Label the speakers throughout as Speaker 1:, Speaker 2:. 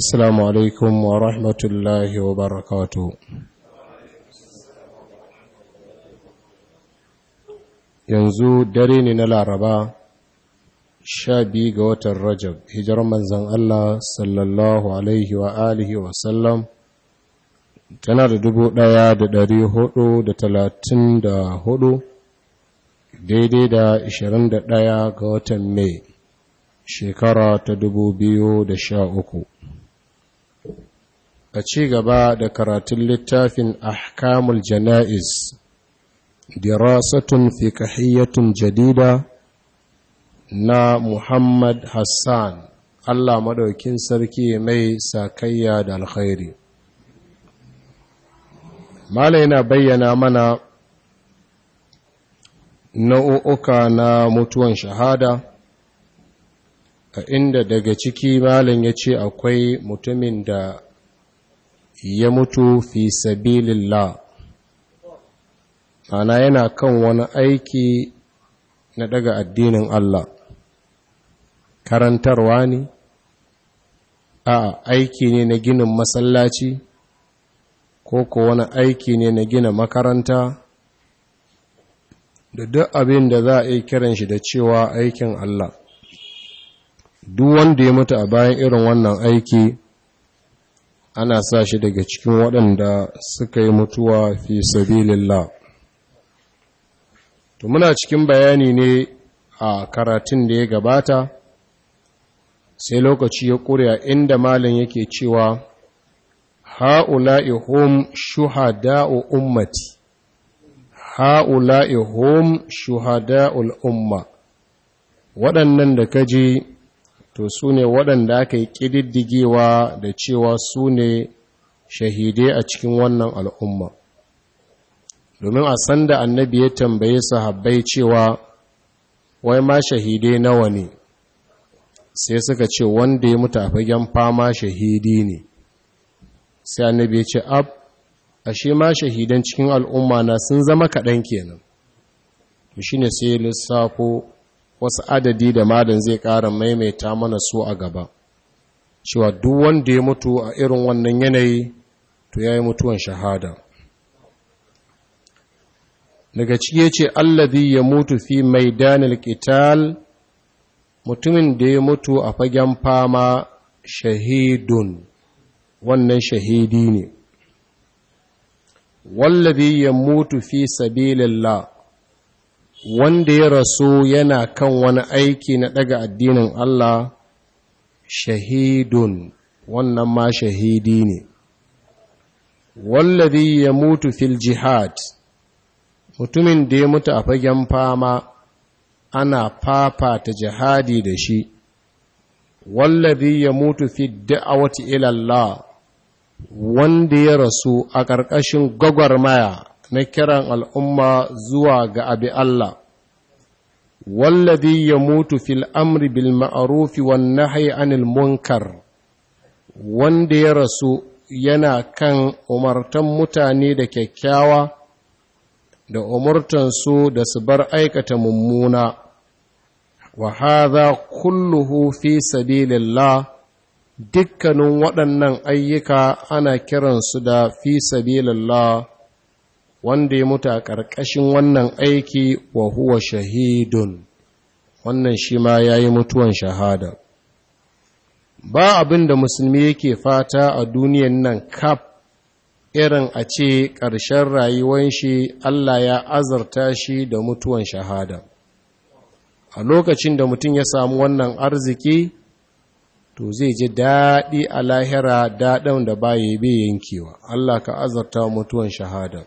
Speaker 1: السلام عليكم ورحمة الله وبركاته yanzu dare ne na laraba sha biyu ga watan rajab hijirar manzan Allah sallallahu tana da dubu daya da dari hudu da talatin da hudu daidai da ishirin da daya ga watan mai shekara ta dubu biyu da sha uku a ci gaba da karatun littafin ahkamul jana'iz dirasatun fikahiyyatun jadida na Muhammad Hassan Allah Maɗaukin sarki mai sakayya da alkhairi Mala yana bayyana mana nau'uka na mutuwan shahada a inda daga ciki malin ya ce akwai mutumin da ya mutu fi sabilillah ana yana kan wani aiki na daga addinin Allah karantarwa ne a aiki ne na ginin masallaci ko ko wani aiki ne na gina makaranta da duk abin da za a yi kiran shi da cewa aikin Allah duk wanda ya mutu a bayan irin wannan aiki ana sa shi daga cikin waɗanda suka yi mutuwa fi sabilillah to muna cikin bayani ne a karatun da ya gabata sai lokaci ya ƙuriya inda malin yake cewa ha'ula'i hum shuhada'u ummati ha'ula'i hum shuhada'ul umma waɗannan da kaji to su ne waɗanda aka yi ƙididdigewa da cewa su ne shahidai a cikin wannan al'umma domin a sanda annabi ya tambaye sahabbai cewa wai ma shahide nawa ne sai suka ce wanda ya mutu a fagen fama shahidi ne sai annabi ya ce ab ashe ma shahidan cikin al'umma na sun zama kaɗan kenan shi ne sai lissafo wasu adadi da madan zai ƙara maimaita mana su a gaba cewa duk wanda ya mutu a irin wannan yanayi to ya yi mutuwan shahada daga ciki ce allazi ya mutu fi maidanil kital mutumin da ya mutu a fagen fama shahidun wannan shahidi ne wallazi ya mutu fi sabilillah wanda ya rasu yana kan wani aiki na daga addinin Allah shahidun wannan ma shahidi ne wallazi ya mutu fil jihad mutumin da ya mutu a fagen fama ana fafata jihadi da shi wallazi ya mutu fi da'awati ila Allah wanda ya rasu a ƙarƙashin gwagwarmaya na kiran al'umma zuwa ga abi Allah wallazi mutu fil amri bil ma'ruf wan anil munkar wanda ya rasu yana kan umartan mutane da kyakkyawa da su da su bar aikata mummuna wa hadha kulluhu fi sabilillah dukkanin waɗannan ayyuka ana kiransu da fi sabilillah wanda ya mutu a ƙarƙashin wannan aiki wa huwa shahidun wannan shi ma ya yi mutuwan shahada ba abin da musulmi yake fata a duniyan nan kaf irin a ce ƙarshen rayuwan shi Allah ya azarta shi da mutuwan shahada a lokacin da mutum ya samu wannan arziki to zai ji daɗi a lahira daɗin da baya bai yankewa Allah ka azarta mutuwan shahada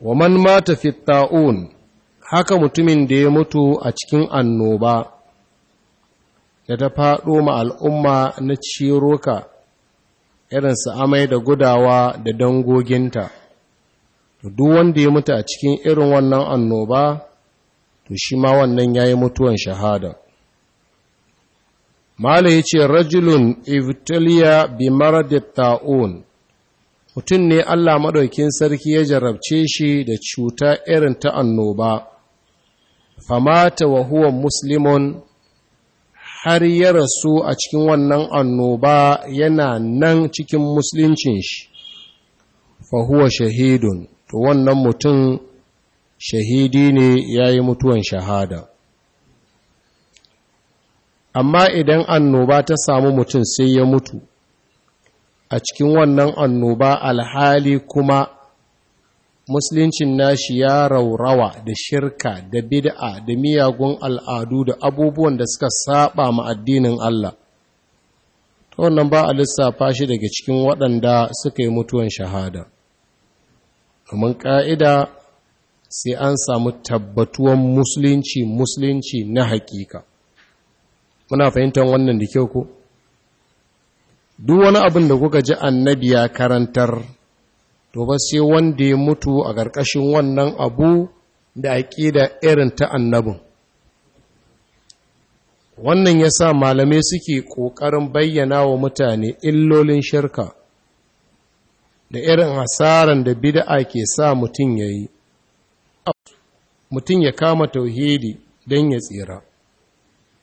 Speaker 1: wa man mata fi ta'un haka mutumin da ya mutu a cikin annoba da ta faɗo ma al'umma na ciroka irinsa amai da gudawa da dangoginta duk wanda ya mutu a cikin irin wannan annoba to shi ma wannan ya yi mutuwan shahada mala ya ce rajulun ibtaliya bi maradit ta'un mutum ne Allah maɗaukin sarki ya jarabce shi da cuta irin ta annoba, famata wa huwa muslimun har ya rasu a cikin wannan annoba yana nan cikin musuluncin shi, fahuwa shahidun, to wannan mutum shahidi ne ya yi mutuwan shahada. Amma idan annoba ta samu mutum sai ya mutu, a cikin wannan annoba alhali kuma musuluncin nashi ya raurawa da shirka da bid'a da miyagun al'adu da abubuwan da suka saba ma addinin Allah ta wannan ba a lissafa shi daga cikin waɗanda suka yi mutuwan shahada kuma ƙa'ida sai an samu tabbatuwan musulunci musulunci na hakika muna fahimtar wannan da kyau ko? duk wani abin da kuka ji annabi ya karantar to ba sai wanda ya mutu a ƙarƙashin wannan abu da aƙida irin ta annabin wannan ya sa malamai suke ƙoƙarin bayyana wa mutane illolin shirka da irin hasaran da bid'a ke sa mutum ya yi mutum ya kama tauhidi don ya tsira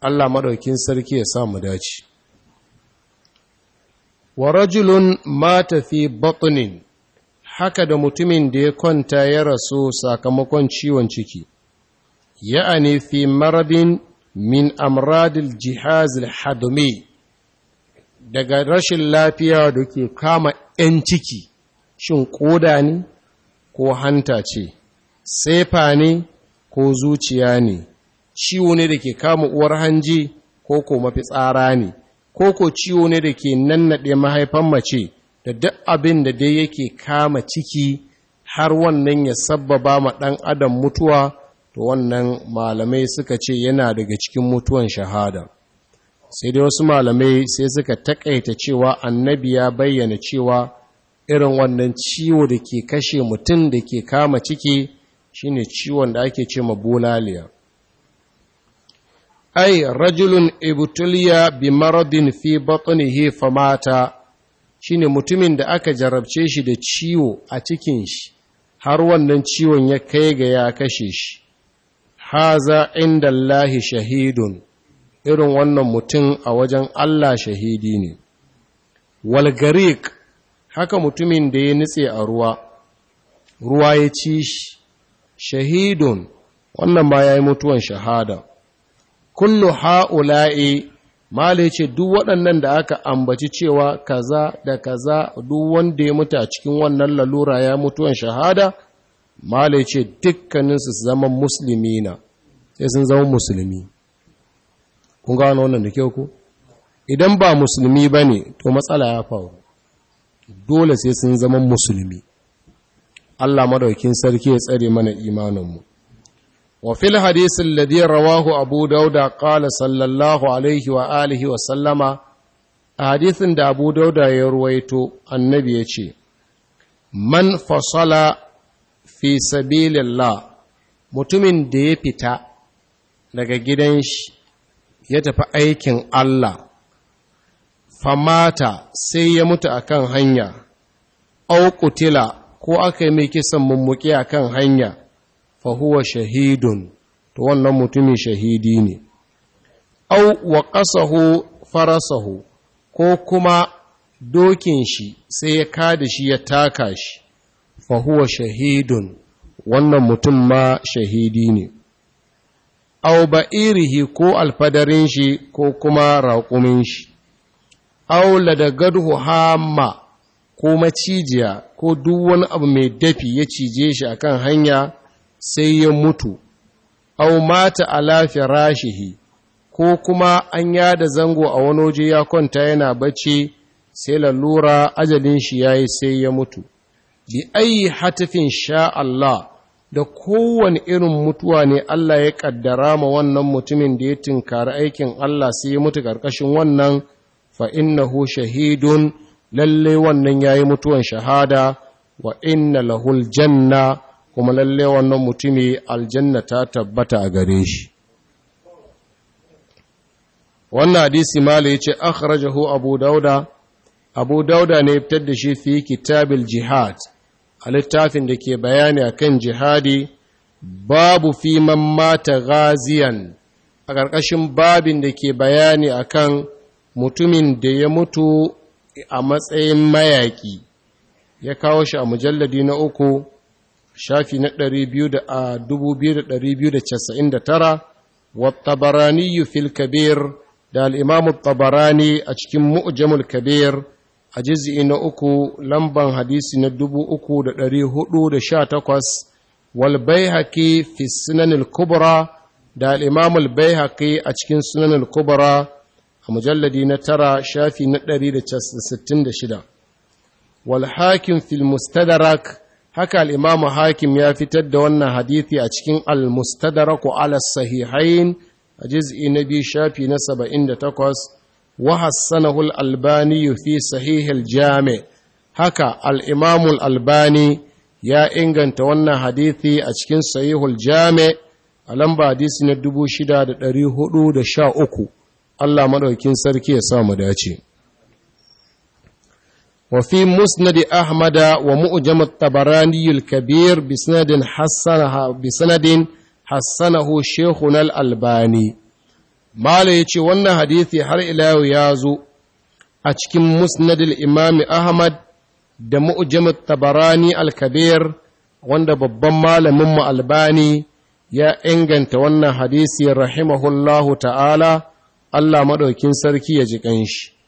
Speaker 1: Allah maɗaukin sarki ya sa mu dace wa rajulun mata fi batunin haka da mutumin da ya kwanta ya rasu sakamakon ciwon ciki ya fi marabin min amradil jihazil hadumi daga rashin lafiya da ke kama 'yan ciki shin koda ne ko hanta ce sefa ne ko zuciya ne ciwo ne da ke kama uwar hanji ko ko mafi tsara ne ko ko ciwo ne da ke nan nannaɗe mahaifan mace da duk abin da dai yake kama ciki har wannan ya sabbaba ma ɗan adam mutuwa to wannan malamai suka ce yana daga cikin mutuwan shahada sai dai wasu malamai sai suka takaita cewa annabi ya bayyana cewa irin wannan ciwo da ke kashe mutum da ke kama ciki shine ciwon da ake ce ma bulaliya ai rajulun ibtuliya bi maradin fi batnihi famata shine mutumin da aka jarabce shi da ciwo a cikin shi har wannan ciwon ya kai ga ya kashe shi haza inda Allah shahidun irin wannan mutum a wajen Allah shahidi ne walgarik haka mutumin da ya nitse a ruwa ruwa ya ci shi shahidun wannan ba ya yi mutuwan shahada kullu ha'ula'i male ce duk waɗannan da aka ambaci cewa kaza da kaza duk wanda ya mutu a cikin wannan lalura ya mutuwan shahada male ce dukkaninsu su zama musulmi na sai sun zama musulmi kun gano wannan da kyau ku idan ba musulmi ba ne to matsala ya faru dole sai sun zama musulmi Allah madaukin sarki ya tsare mana imaninmu وفي الحديث الذي رواه أبو داود قال صلى الله عليه وآله وسلم حديث دا أبو داود يرويت النبي يشي من فصل في سبيل الله mutumin da ya fita daga gidan shi ya tafi aikin Allah famata sai ya mutu akan hanya au kutila ko aka yi mai kisan mummuki akan hanya fahuwa shahidun to wannan mutumin shahidi ne au wa ƙasahu farasahu ko kuma dokin shi sai ya kada shi ya taka shi fahuwa shahidun wannan mutum ma shahidi ne au ba'irihi ko alfadarin shi ko kuma raƙumin shi au ladagaduhu hamma ko macijiya ko duk wani abu mai dafi ya cije shi akan hanya sai ya mutu au mata a lafiya rashihi, ko kuma an yada zango a wani waje ya kwanta yana bacci sai lalura ajalin shi ya yi sai ya mutu bi ayi hatifin sha Allah da kowane irin mutuwa ne Allah ya ƙaddara ma wannan mutumin da ya tinkari aikin Allah sai ya mutu ƙarƙashin wannan fa innahu shahidun lalle wannan yayi mutuwan shahada wa inna lahul janna kuma lalle wannan mutumi aljanna ta tabbata a gare shi wannan hadisi mala yace akhrajahu abu dauda abu dauda ne fitar da shi fi kitabil jihad a littafin da ke bayani akan jihadi babu fi man mata gaziyan a ƙarƙashin babin da ke bayani akan mutumin da ya mutu a matsayin mayaƙi ya kawo shi a mujalladi na uku shafi na 2299 wattabarani fil kabir da al'imamu tabarani a cikin mu'jamul kabir a jizi'i na uku lamban hadisi na 3418 wal baihaqi fi sunanil kubra da al'imamul baihaqi a cikin sunanil kubra a mujalladi na tara shafi na 166 wal hakim fil mustadrak haka al'imamu hakim ya fitar da wannan hadithi a cikin al-mustadaraku al sahihain a jiz'i na biyu shafi na saba'in takwas, wa Hul albani fi sahihil jami haka al’imamu albani ya inganta wannan hadithi a cikin sahihul jami a lamba hadisi na uku, Allah maɗaukin sarki ya samu dace. وفي مسند أحمد ومؤجم الطبراني الكبير بسند حسنها بسند حسنه شيخنا الألباني ما ليتي har حديثي هر إلى يازو أتكم مسند الإمام أحمد da mu'jamut tabarani al-kabir wanda babban malamin mu albani ya inganta wannan hadisi rahimahullahu ta'ala Allah madaukin sarki ya ji kanshi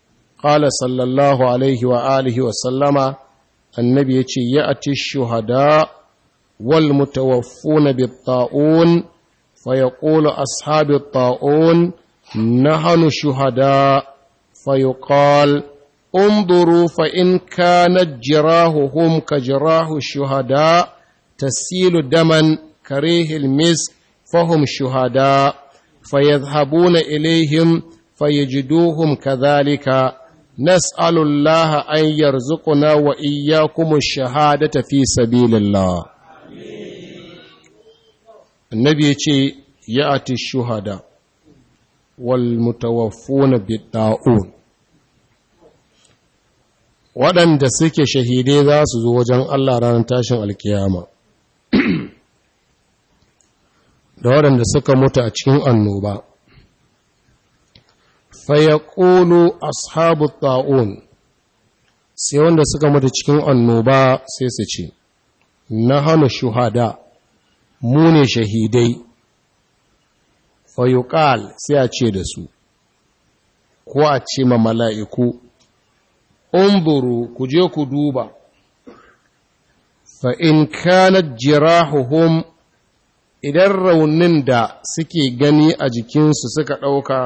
Speaker 1: ƙala sallallahu alaihi wa alihi wa sallama annabi ya ce ya ati shuhada wal mutawaffuna bi ta'un fa yaqulu ashabi ta'un nahnu shuhada fa yuqal انظروا فإن كانت جراحهم كجراح الشهداء تسيل دما كريه المسك فهم شهداء فيذهبون إليهم فيجدوهم كذلك nas'alullaha an yarzuquna wa iyyakum ash-shahadata fi sabilillah annabi yace ya'ati shuhada wal mutawaffuna bid-da'un waɗanda suke shahidai za su zo wajen Allah ranar tashin alkiyama da waɗanda suka mutu a cikin annoba fayaqulu ashabu ta'un sai wanda suka mutu cikin annoba sai su ce Na hana shuhada mu ne shahidai fayuqal sai a ce da su ko a ce ma mala'iku umburu ku je ku duba fa in kanat jirahuhum idan raunin da suke gani a jikinsu suka ɗauka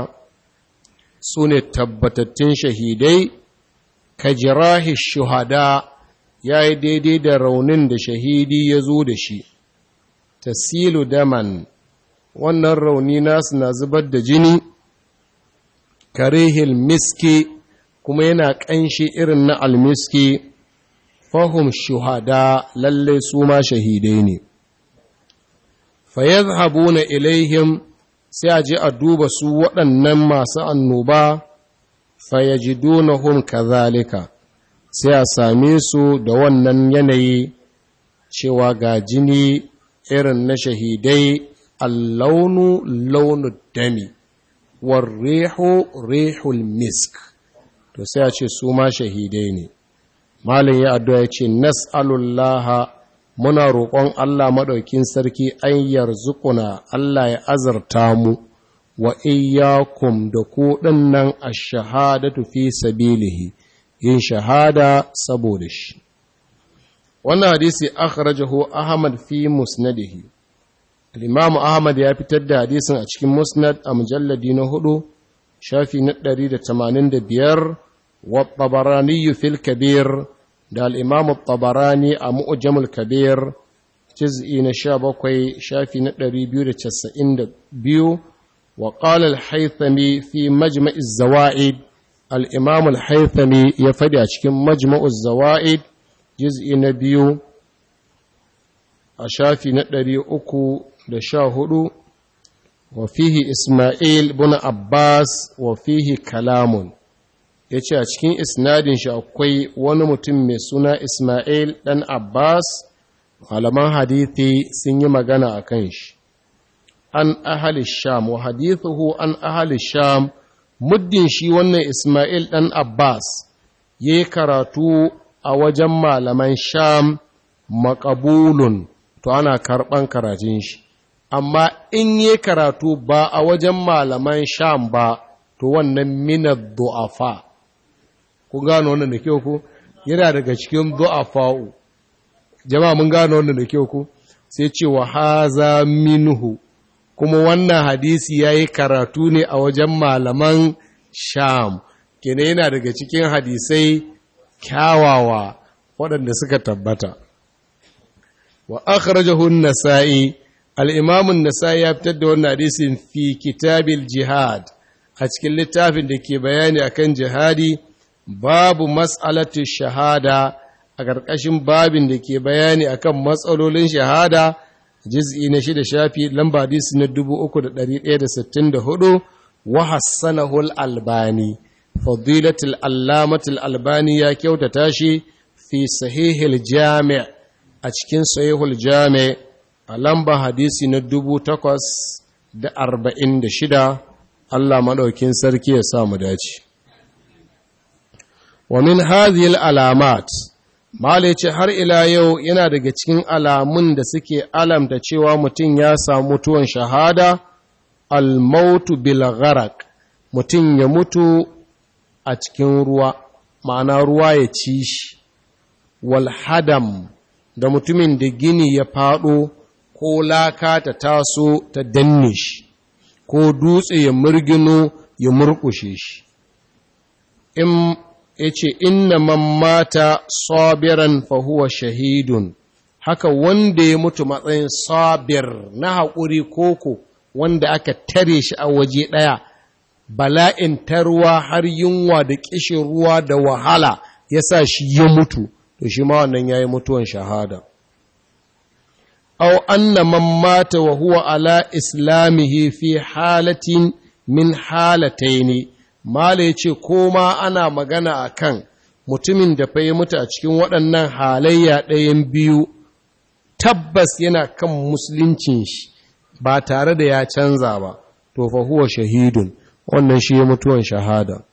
Speaker 1: su ne tabbatattun shahidai ka jirahi shuhada ya yi daidai da raunin da shahidi ya zo da shi tasilu daman wannan rauni nasu na zubar da jini karihil miski kuma yana ƙanshi irin na almiski fahim shuhada lallai su ma shahidai ne na ilaihim sai a je a duba su waɗannan masu annoba fayajidunahum kazalika sai a same su da wannan yanayi cewa ga jini irin na shahidai allaunu launu dami warrihu rihul misk to sai a ce su ma shahidai ne malin ya addu'a ya ce nas'alullaha muna roƙon Allah maɗaukin sarki an yarzukuna Allah ya azarta mu wa iyyakum da ku ɗinnan a shahadatu fi sabilihi yin shahada saboda shi wannan hadisi akhrajahu Ahmad fi musnadihi al-Imam Ahmad ya fitar da hadisin a cikin musnad a mujalladi na hudu shafi na 185 wa Tabarani fil Kabir da al'imamu tabarani a mu'ujamul kabir jiz'i na sha bakwai shafi na ɗari biyu da casa'in da biyu wa ƙalar haithami fi majma'iz zawa'id al'imamul haithami ya faɗi a cikin majma'u zawa'id jiz'i na biyu a shafi na ɗari uku da sha hudu wa fihi ismail buna abbas wa fihi kalamun ya ce a cikin isnadin shi akwai wani mutum mai suna Ismail dan Abbas malaman hadithi sun yi magana a kan shi an ahalisham sham wa hadithu an ahalisham sham muddin shi wannan Ismail dan Abbas ya yi karatu a wajen malaman sham makabulun to ana karɓan karatun shi amma in yi karatu ba a wajen malaman sham ba to wannan minar du'afa kun gano wannan da kyau ko yana daga cikin du'a fa'u. jama'a mun gano wannan da kyau ko sai ce wa haza minhu kuma wannan hadisi yayi karatu ne a wajen malaman sham kene yana daga cikin hadisai kyawawa waɗanda suka tabbata wa akhrajahu an-nasa'i al-imam an-nasa'i ya fitar da wannan hadisin fi kitabil jihad a cikin littafin da ke bayani akan jihadi babu matsalatu shahada a ƙarƙashin babin da ke bayani akan matsalolin shahada jiz'i na shida shafi lamba hadisi na 3164 wa hassanahul albani fadilatul allamatul albani ya kyautata shi fi sahihil jami' a cikin sahihul jami' a lamba hadisi na 8046 Allah maɗaukin sarki ya sa mu dace wa min hadhihi alamat malai ce har ila yau yana daga cikin alamun da suke alamta cewa mutum ya samu tuwon shahada al-mautu bil mutum ya mutu a cikin ruwa ma'ana ruwa ya ci shi wal hadam da mutumin da gini ya fado ko laka ta taso ta danne shi ko dutse ya murgino ya murkushe shi in ya ce inna man mata sabiran fahuwa shahidun haka wanda ya mutu matsayin sabir na haƙuri koko wanda aka tare shi a waje ɗaya bala'in tarwa har yunwa da ƙishin ruwa da wahala ya sa shi ya mutu to shi ma wannan ya yi mutuwan shahada au anna man mata wahuwa ala islamihi fi halatin min ne. mala ya ce ko ma ana magana a kan mutumin da fa ya mutu a cikin waɗannan halayya ɗayan biyu tabbas yana kan musuluncin shi ba tare da ya canza ba to fa huwa shahidun wannan shi ya mutuwan shahada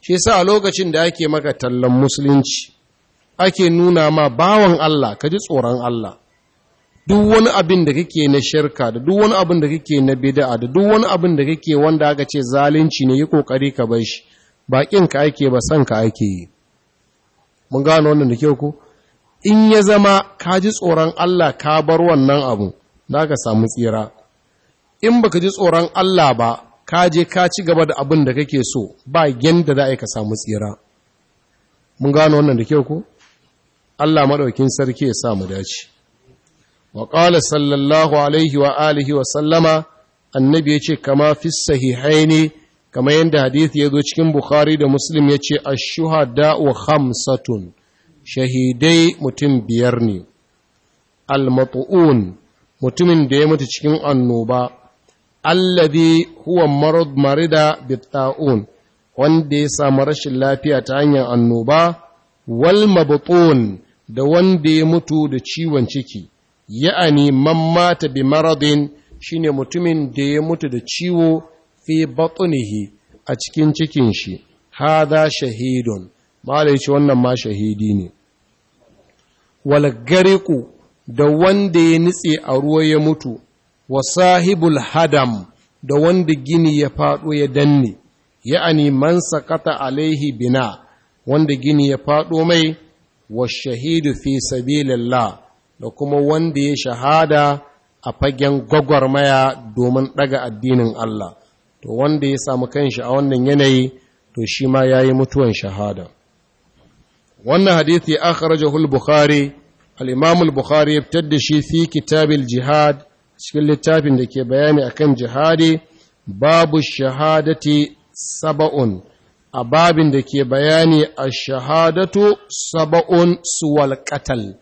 Speaker 1: shi sa lokacin da ake maka tallan musulunci ake nuna ma bawan Allah ka ji tsoron Allah duk wani abin da kake na shirka da duk wani abin da kake na bid'a da duk wani abin da kake wanda aka ce zalunci ne yi kokari ka bar shi ba kin ka ake ba san ka ake yi mun gano wannan da kyau ko in ya zama ka ji tsoron Allah ka bar wannan abu ka samu tsira in baka ji tsoron Allah ba ka je ka ci gaba da abin da kake so ba yanda za ka samu tsira mun gano wannan da kyau ko Allah madaukin sarki ya sa mu dace wa ƙala sallallahu alaihi wa alihi wa sallama annabi ya ce kama fi ne kama yadda hadith ya zo cikin bukhari da muslim yace ce shuhada wa hamsatun, shahidai mutum biyar ne al mutumin da ya mutu cikin annoba alladhi huwa marad marida bitta'un wanda ya samu rashin lafiya ta hanyar annoba wal mabutun da wanda ya mutu da ciwon ciki ya'ani man mata bi maradin shine mutumin da ya mutu da ciwo fi batnihi a cikin cikin shi hada shahidun malai ce wannan ma shahidi ne wal gariqu da wanda ya nitse a ruwa ya mutu wa sahibul hadam da wanda gini ya faɗo ya danne ya'ani man sakata alaihi bina wanda gini ya faɗo mai wa shahidu fi sabilillah da kuma wanda ya shahada a fagen gwagwarmaya domin ɗaga addinin Allah to wanda ya samu kan shi a wannan yanayi to shi ma ya yi mutuwan shahada wannan hadithi akhrajahu al-bukhari Alimamul bukhari ya fitar da shi fi kitabil jihad cikin littafin da ke bayani a kan jihadi babu shahadati saba'un a babin da ke bayani a shahadatu saba'un suwal katal.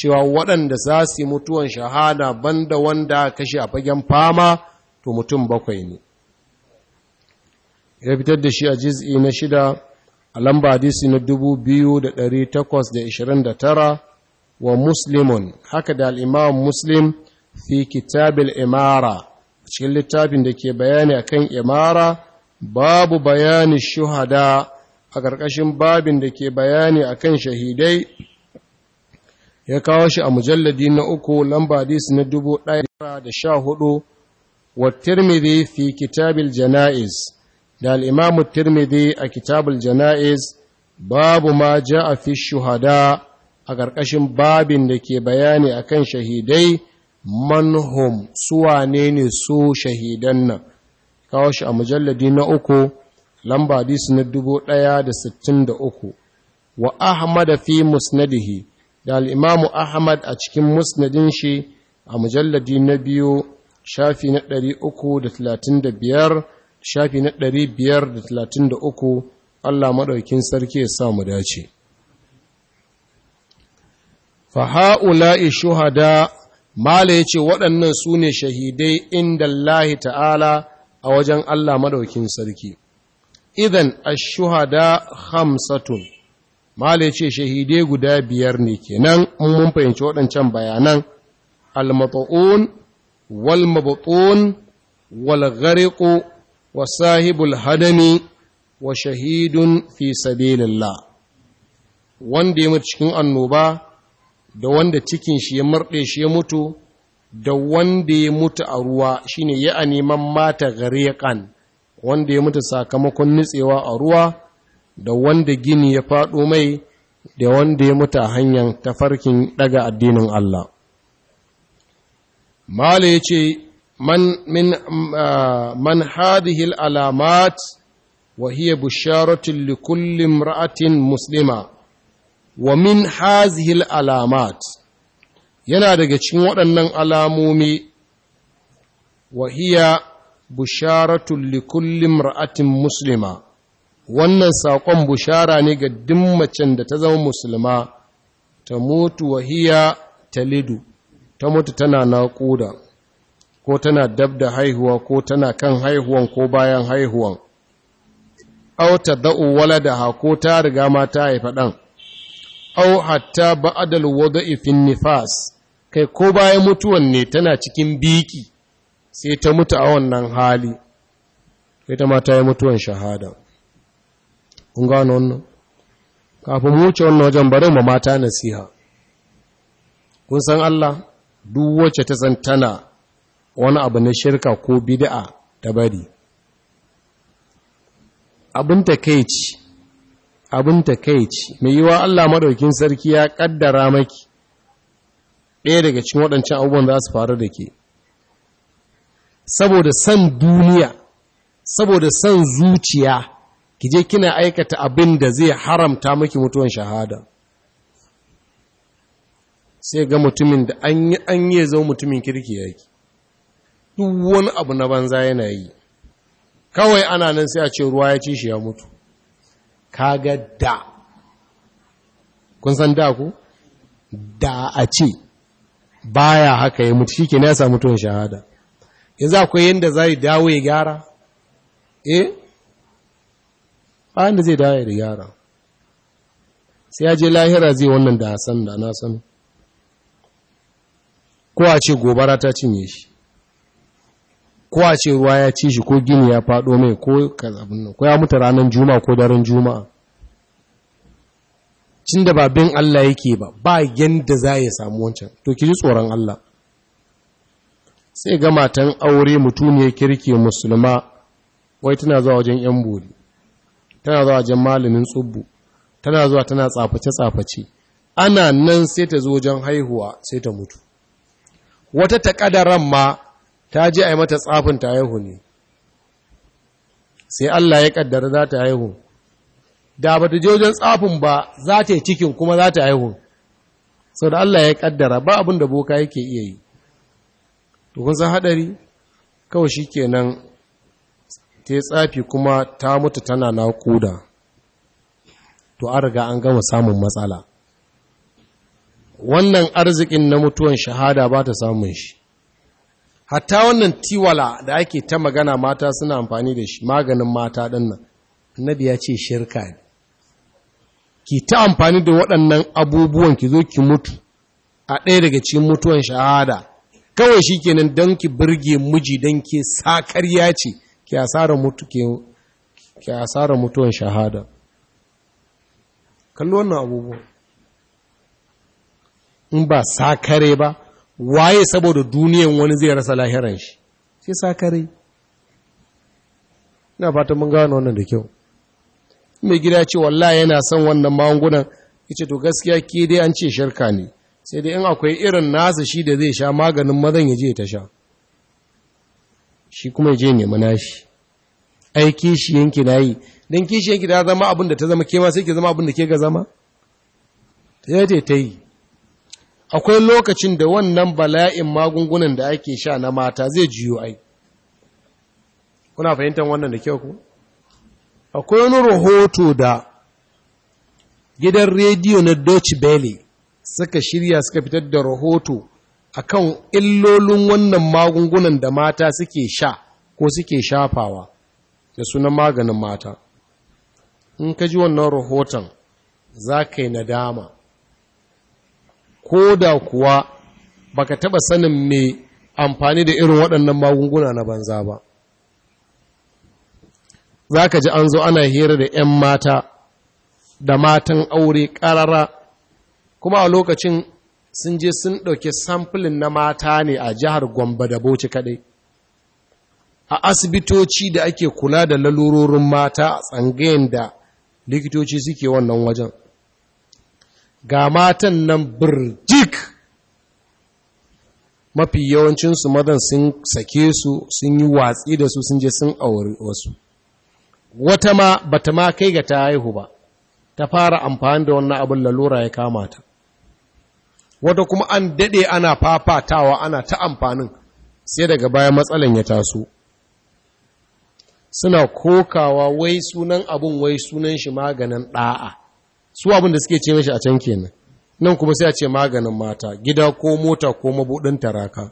Speaker 1: cewa waɗanda za su yi mutuwan shahada banda wanda kashe a fagen fama to mutum bakwai ne ya fitar da shi a jiz'i na shida a lamba hadisi na 2829 wa muslimun haka da al'imam muslim fi kitabil imara cikin littafin da ke bayani a kan imara babu bayani shuhada a ƙarƙashin babin da ke bayani a kan shahidai ya kawo shi a mujalladi na uku lamba hadisi na dubu ɗaya da sha hudu wa tirmidhi fi kitabil jana'iz da al'imamu tirmidhi a Kitabil jana'iz babu ma ja a fi shuhada a ƙarƙashin babin da ke bayani a kan shahidai manhum wane ne su shahidan nan kawo shi a mujalladi na uku lamba hadisi na dubu ɗaya da sittin da uku wa ahmada fi musnadihi da al'imamu ahmad a cikin musnadin shi a mujalladi na biyu shafi na 335 shafi na 533 allah maɗaukin sarki ya samu dace faha'ula'i shuhada mala ya ce waɗannan su ne shahidai inda Allah ta'ala a wajen Allah maɗaukin sarki idan ashuhada hamsatun Mala ce shahide guda biyar ne kenan in mun fahimci waɗancan bayanan al-mat'un wal wa sahibul hadami wa shahidun fi sabilillah wanda ya mutu cikin annoba da wanda cikin shi ya murde shi ya mutu da wanda ya mutu a ruwa shine ya animan mata ghariqan wanda ya mutu sakamakon nutsewa a ruwa da wanda gini ya faɗo mai da wanda ya mutu a hanyar tafarkin ɗaga addinin Allah. Mala ya ce, Man, min, ah, alamat wa hiya busharatin li kullum ra'atin muslima wa min hazihil alamat yana daga cikin waɗannan alamomi wa hiya busharatun li kullum ra'atin muslima wannan saƙon bushara ne ga dimmacin da ta zama musulma ta mutu wahiya talidu ta mutu tana naƙuda ko tana dab da haihuwa ko tana kan haihuwan ko bayan haihuwan au ta da'u da ko ta riga ma ta haifa ɗan au hatta ba'adal wada'i fi nifas kai ko bayan mutuwan ne tana cikin biki sai ta mutu a wannan hali sai ma mata yi mutuwan shahada kun gano wannan kafin mu wuce wannan wajen bare mu mata nasiha kun san Allah duk wacce ta san tana wani abu na shirka ko bid'a ta bari abin takeici abin takeici mai yiwa Allah madaukin sarki ya kaddara maki ɗaya daga cikin waɗancan abubuwan za su faru da ke saboda san duniya saboda san zuciya ki je kina aikata abin da zai haramta miki mutuwan shahada sai ga mutumin da an yi an yi zo mutumin kirki yi duk wani abu na banza yana yi kawai ana nan sai a ce ruwa ya ci shi ya mutu kaga da kun san da ku da a ce baya haka ya mutu shike ne ya samu tuwon shahada yanzu akwai yadda za yi dawo ya gyara eh ba inda zai dawo da yara sai ya je lahira zai wannan da hasan da na san ko a ce gobara ta cinye shi ko a ce ruwa ya ci shi ko gini ya fado mai ko kazabin nan ko ya mutu ranar juma'a ko daren juma'a cin da ba Allah yake ba ba yanda za ya samu wancan to ki ji tsoron Allah sai ga matan aure mutum ya kirki musulma wai tana zuwa wajen yan bori tana zuwa jan malamin tsubbu tana zuwa tana tsaface-tsaface ana nan sai ta zo wajen haihuwa sai ta mutu wata kadaran ma ta ji a yi mata tsafin ta haihu ne sai Allah ya ƙaddara za ta haihu da ba ta je wajen tsafin ba za ta yi cikin kuma za ta haihu sau da Allah ya ƙaddara ba abin da boka yake iya yi to kun san haɗari kawai shi kenan ta tsafi kuma ta mutu tana naƙuda to an riga an gama samun matsala wannan arzikin na mutuwan shahada ba ta samun shi hatta wannan tiwala da ake ta magana mata suna amfani da shi maganin mata nan. annabi ya ce shirka ne ki ta amfani da waɗannan abubuwan ki zo ki mutu a ɗaya daga cikin mutuwan shahada kawai shi kenan don ki birge miji don ke sakarya ce ki asarar mutuwan shahada kallo wannan abubuwan in ba sakare ba waye saboda duniyan wani zai rasa lahiran shi sai sakare ina fatan mun gano wannan da kyau mai gida ce wallahi yana son wannan magungunan ita to gaskiya ke dai an ce shirka ne sai dai in akwai irin nasa shi da zai sha maganin mazan ya je ta sha shi kuma je nemi nashi ai kishiyanki na yi don kishiyanki da zama abin da ta zama kema sai ke zama abin da ke ga zama ta yi ta yi akwai lokacin da wannan bala'in magungunan da ake sha na mata zai jiyo ai kuna fahimtar wannan da kyau ku akwai wani rahoto da gidan rediyo na Deutsche Welle suka shirya suka fitar da rahoto akan illolin wannan magungunan da mata suke sha ko suke shafawa da sunan maganin mata in ka ji wannan rahoton za ka yi nadama ko da kuwa baka taba sanin mai amfani da irin waɗannan magunguna na banza ba za ka ji an zo ana hira da 'yan mata da matan aure ƙarara kuma a lokacin sun je sun ɗauki samfulin na mata ne a jihar Gombe da Bauchi kaɗai. A asibitoci da ake kula da lalurorin mata a tsangayen da likitoci suke wannan wajen. Ga matan nan birjik mafi yawancinsu mazan sun sake su sun yi watsi da su sun je sun auri wasu. Wata ma bata ma kai ga ta haihu ba, ta fara amfani da wannan abin lalura ya kama ta. wata kuma an dade ana fafatawa ana ta amfanin sai daga baya matsalan ya taso suna kokawa wai sunan abun wai sunan shi maganin ɗa'a su abin da suke ce mishi a can kenan nan kuma sai a ce maganin mata gida ko mota ko mabudin taraka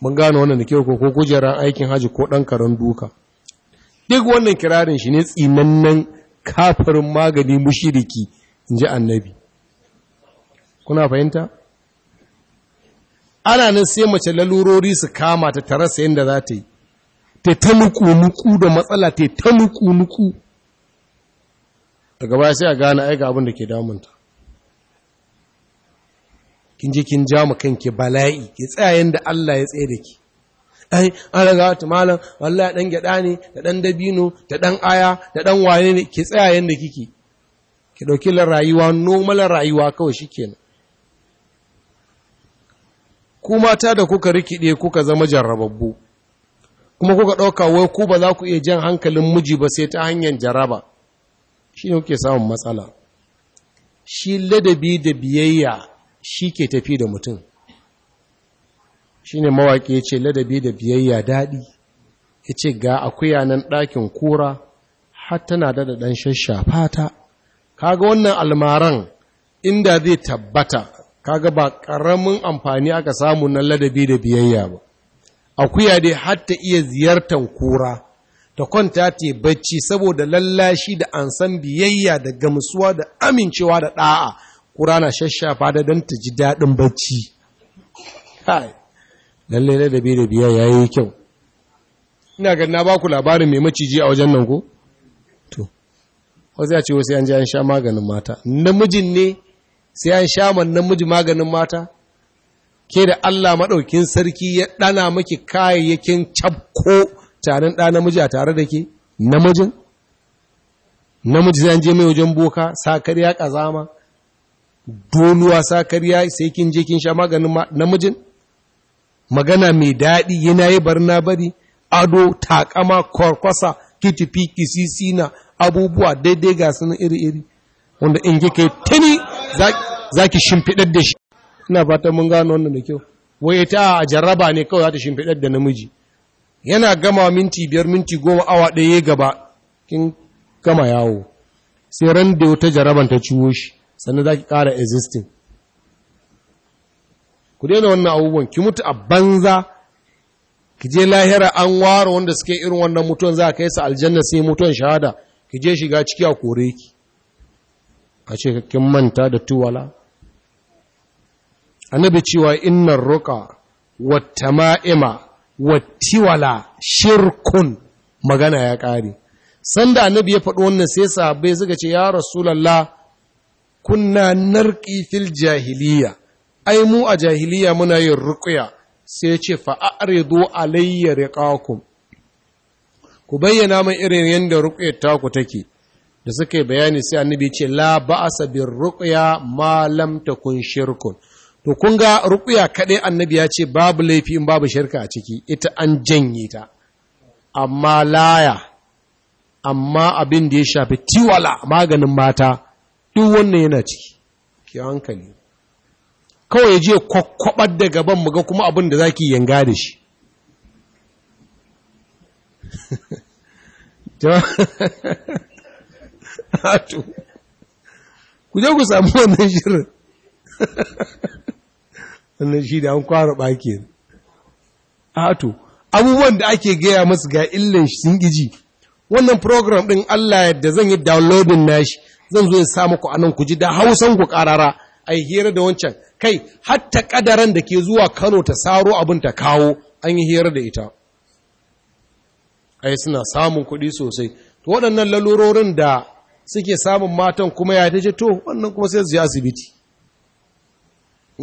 Speaker 1: mun gano wannan da kyau ko kujerar aikin haji ko ɗan karanduka. duka duk wannan kirarin shi ne tsinannen kafirin magani mushiriki in ji annabi kuna fahimta ana nan sai mace lalurori su kama ta tare sai inda za ta yi ta ta nuku-nuku da matsala ta ta nuku-nuku daga baya sai a gane aika abin da ke damunta kin je kin ja mu kanki bala'i ki tsayayen da Allah ya tsaye da ki ai an raga wata malam wallahi dan gyada ne da dan dabino da dan aya da dan waye ne ki tsayayen da kike ki dauki la rayuwa normal rayuwa kawai shikenan ku mata da kuka rikide kuka zama jarrababbu kuma kuka ɗauka wai ku ba za ku iya jan hankalin miji ba sai ta hanyar jaraba shi ne kuke samun matsala shi ladabi da biyayya shi ke tafi da mutum shi ne mawaƙi ya ce ladabi da biyayya daɗi ya ce ga akuya nan ɗakin kura har tana da ɗan shashafa ta kaga wannan almaran inda zai tabbata kaga ba ƙaramin amfani aka samu na ladabi da biyayya ba akuya dai ta iya ziyartar kura ta kwanta ta bacci saboda lallashi da an san biyayya da gamsuwa da amincewa da ɗa'a kura na shashafa da don ta ji daɗin bacci lallai ladabi da biyayya ya yi kyau ina ganna ba ku labarin mai maciji a wajen nan ko to wasu ya ce wasu yan ji an sha maganin mata namijin ne sai an sha man namiji maganin mata ke da Allah maɗaukin sarki ya ɗana maki kayayyakin cabko tarin ɗa namiji a tare da ke namijin namiji zai je mai wajen boka sakariya ƙazama doluwa sakariya sai kin je kin sha maganin namijin magana mai daɗi yana yi barna bari ado takama kwarkwasa kitifi kisisina abubuwa daidai ga sunan iri-iri wanda in kika yi tuni za ki shimfiɗar da shi ina fatan mun gano wannan da kyau waye ta a jarraba ne kawai za ta shimfiɗar da namiji yana gama minti biyar minti goma awa ɗaya gaba kin gama yawo sai ran da wata jarraban ta ciwo shi sannan za ki ƙara existing ku daina wannan abubuwan ki mutu a banza ki je lahira an ware wanda suke irin wannan mutuwan za a kai su aljanna sai mutuwan shahada ki je shiga ciki a kore ki a ce kakkin manta da tuwala annabi cewa roƙa wata ma'ima wattiwala shirkun magana ya ƙare sanda annabi ya faɗo wannan sai sahabbai suka ce ya rasulallah kunna narki fil jahiliya ai mu a jahiliya muna yin ruqya sai ce fa a'ridu alayya riqakum ku bayyana min irin yadda ruqyar taku take da suka yi bayani sai annabi ce la ba'asa bir ruqya ma lam takun shirkun to kun ga ruqya kadai annabi ya ce babu laifi in babu shirka a ciki ita an janye ta amma laya amma abin da ya shafi tiwala maganin mata duk wannan yana ciki ki hankali kawai je kwakwabar da gaban mu ga kuma abin da zaki yanga da shi hatu ku je ku samu wannan shirin wannan shi da an kwara ɓake hatu abubuwan da ake gaya masu ga illan shi sun giji wannan program ɗin Allah yadda zan yi downloadin nashi zan zo in sa muku anan ku ji da hausan ku ƙarara a yi hira da wancan kai hatta kadaran da ke zuwa Kano ta saro abin ta kawo an yi hira da ita ai suna samun kuɗi sosai to waɗannan lalurorin da suke samun matan kuma ya taje to wannan kuma sai su asibiti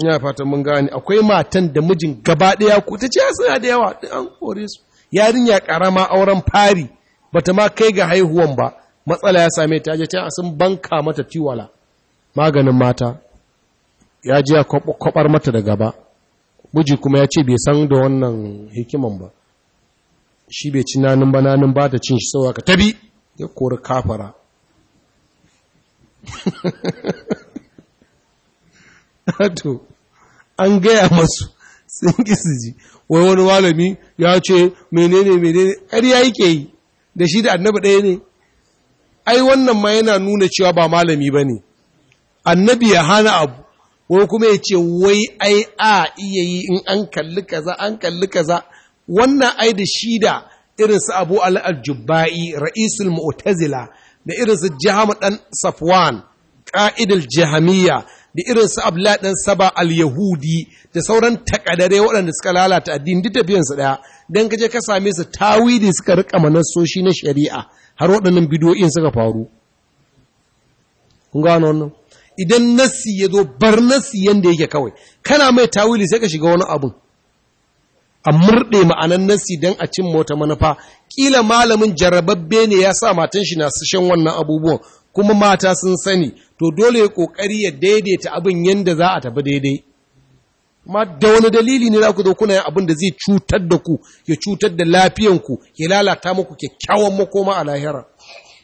Speaker 1: ina fatan mun gane akwai matan da mijin gaba daya ku ta ce ah, suna da yawa duk an kore su yarinya karama auren fari bata ma kai ga haihuwan ba matsala ya same ta je ta ah, sun banka mata tiwala maganin mata ya ji ya kwabar mata da gaba miji kuma ya ce bai san da wannan hikiman ba shi bai ci nanin ba nanin ba ta cin shi sauwa ka tabi ya kori kafara to an gaya masu sun ƙi ji wai wani malami ya ce menene menene har yake yi da shi da annabi ɗaya ne ai wannan ma yana nuna cewa ba malami ba ne annabi ya hana abu wai kuma ya ce wai ai a iya yi in an kalli kaza an kalli kaza wannan ai da shi da irin abu al ra'isul mu'tazila da irin su jihamu ɗan safwan ƙa'idul jihamiyya da irin su abla ɗan saba al-yahudi da sauran takadare waɗanda suka lalata addini duk su ɗaya don kaje ka same su tawili suka rika manassoshi na shari'a har waɗannan bidoyin suka faru kun gano wannan idan nasi ya zo bar nasi yanda yake kawai kana mai tawili sai ka shiga wani abu. a murɗe ma'anan nasi don a cin mota manufa ƙila malamin jarababbe ne ya sa matan shi na shan wannan abubuwan kuma mata sun sani to dole ya ƙoƙari ya daidaita abin yadda za a tafi daidai ma da wani dalili ne za ku zo kuna yin abin da zai cutar da ku ya cutar da lafiyanku ya lalata muku kyakkyawan makoma a lahira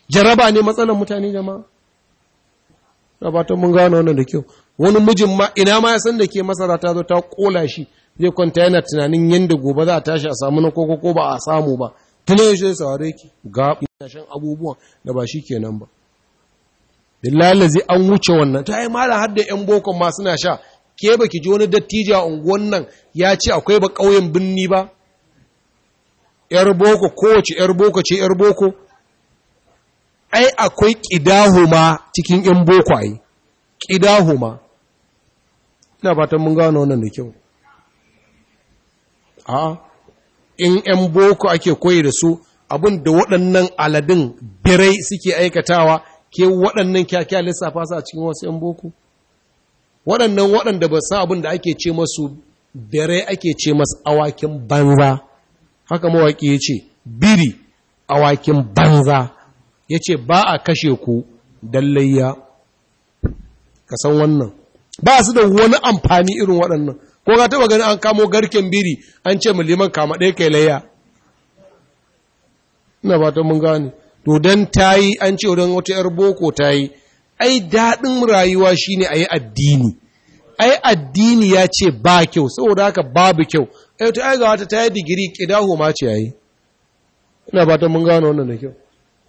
Speaker 1: jaraba ne matsalar mutane jama'a ta mun gano wannan da kyau wani mijin ma ina ma ya san da ke masara ta zo ta kola shi zai kwanta yana tunanin yadda gobe za a tashi a samu na koko ko ba a samu ba tunan shi zai saurare ki ga shan abubuwan da ba shi kenan ba billahi zai an wuce wannan ta yi mara har da yan bokon masu na sha ke ba ki ji wani dattijo a unguwan nan ya ce akwai ba ƙauyen binni ba yar boko kowace yar boko ce yar boko ai akwai ƙidahu ma cikin yan boko ai ƙidahu ma ina fatan mun gano wannan da kyau a in 'yan boko ake koyi da su abin da waɗannan aladun birai suke aikatawa ke waɗannan kyakya lissafa su a cikin wasu 'yan boko waɗannan waɗanda ba sa abin da ake ce masu birai ake ce masu awakin banza haka mawaƙi ya ce biri awakin banza ya ce ba a kashe ku dallayya ka san wannan ba su da wani amfani irin waɗannan ko ka taba ganin an kamo garken biri an ce liman kama ɗaya kai laya ina ba ta mun gane to ta tayi an ce wurin wata yar boko tayi ai daɗin rayuwa shine yi addini ai addini ya ce ba kyau saboda haka babu kyau ai eh, to ai ga ta yi digiri kidahu ma ce yayi ina ba ta mun gane wannan da kyau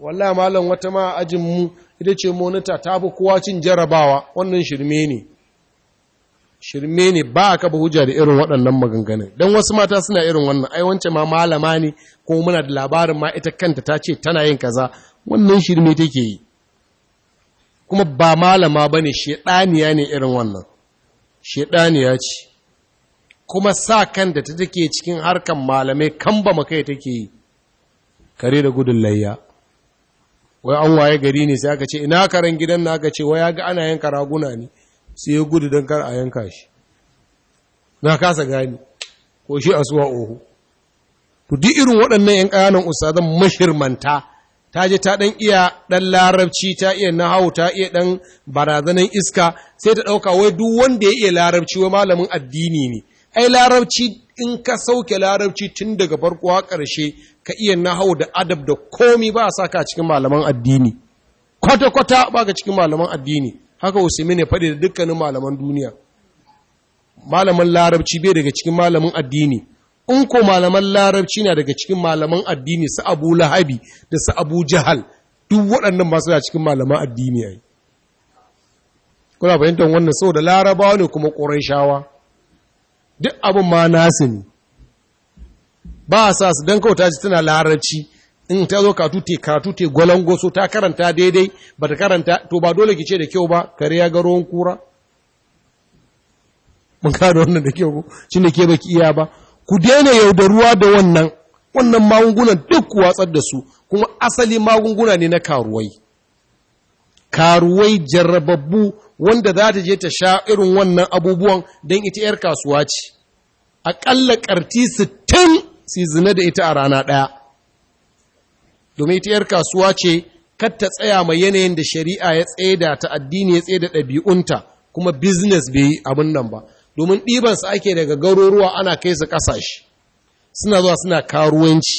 Speaker 1: wallahi malam wata ma ajin mu ita ce monita ta bi kowa cin jarabawa wannan shirme ne shirme ne ba a kaba hujja da irin waɗannan maganganun don wasu mata suna irin wannan ai wance ma malama ne ko muna da labarin ma ita kanta ta ce tana yin kaza wannan shirme take yi kuma ba malama ba ne shaɗaniya ne irin wannan shaɗaniya ce kuma sa kanta da ta take cikin harkan malamai kan ba makai take yi kare da gudun layya wai an waye gari ne sai aka ce ina karen gidan na aka ce wai ya ga ana yanka raguna ne sai ya gudu don kar a yanka shi na kasa gani ko shi a suwa oho to duk irin waɗannan 'yan ƙananan ustazan mashirmanta ta je ta ɗan iya ɗan larabci ta iya nahawu ta iya ɗan barazanan iska sai ta ɗauka wai duk wanda ya iya larabci wai malamin addini ne ai larabci in ka sauke larabci tun daga farko a ƙarshe ka iya nahawu da adab da komi ba a ka cikin malaman addini kwata-kwata ba ka cikin malaman addini haka usaimin ya faɗi da dukkanin malaman duniya malaman larabci bai daga cikin malamin addini in ko malaman larabci na daga cikin malaman addini su abu lahabi da su abu jahal duk waɗannan masu da cikin malaman addini yi kuna fahimtar wannan sau da larabawa ne kuma ƙoran shawa. duk abin ma nasu ne ba a sa su don ta ji tana larabci in ta zo katute katute gwalangoso ta karanta daidai ba ta karanta to ba dole ki ce da kyau ba kare ya ga ruwan kura mun kada wannan da kyau shi ne ke baki iya ba ku daina yaudaruwa da wannan wannan magungunan duk watsar da su kuma asali magunguna ne na karuwai karuwai jarrababbu wanda za ta je ta sha irin wannan abubuwan don ita 'yar kasuwa ce aƙalla ƙarti sittin si zina da ita a rana ɗaya domin ita 'yar kasuwa ce kar ta tsaya mai yanayin da shari'a ya tsaye ta addini ya tsaye da ɗabi'unta kuma business bai yi abin nan ba domin ɗibansa ake daga garuruwa ana kai su ƙasashe suna zuwa suna karuwanci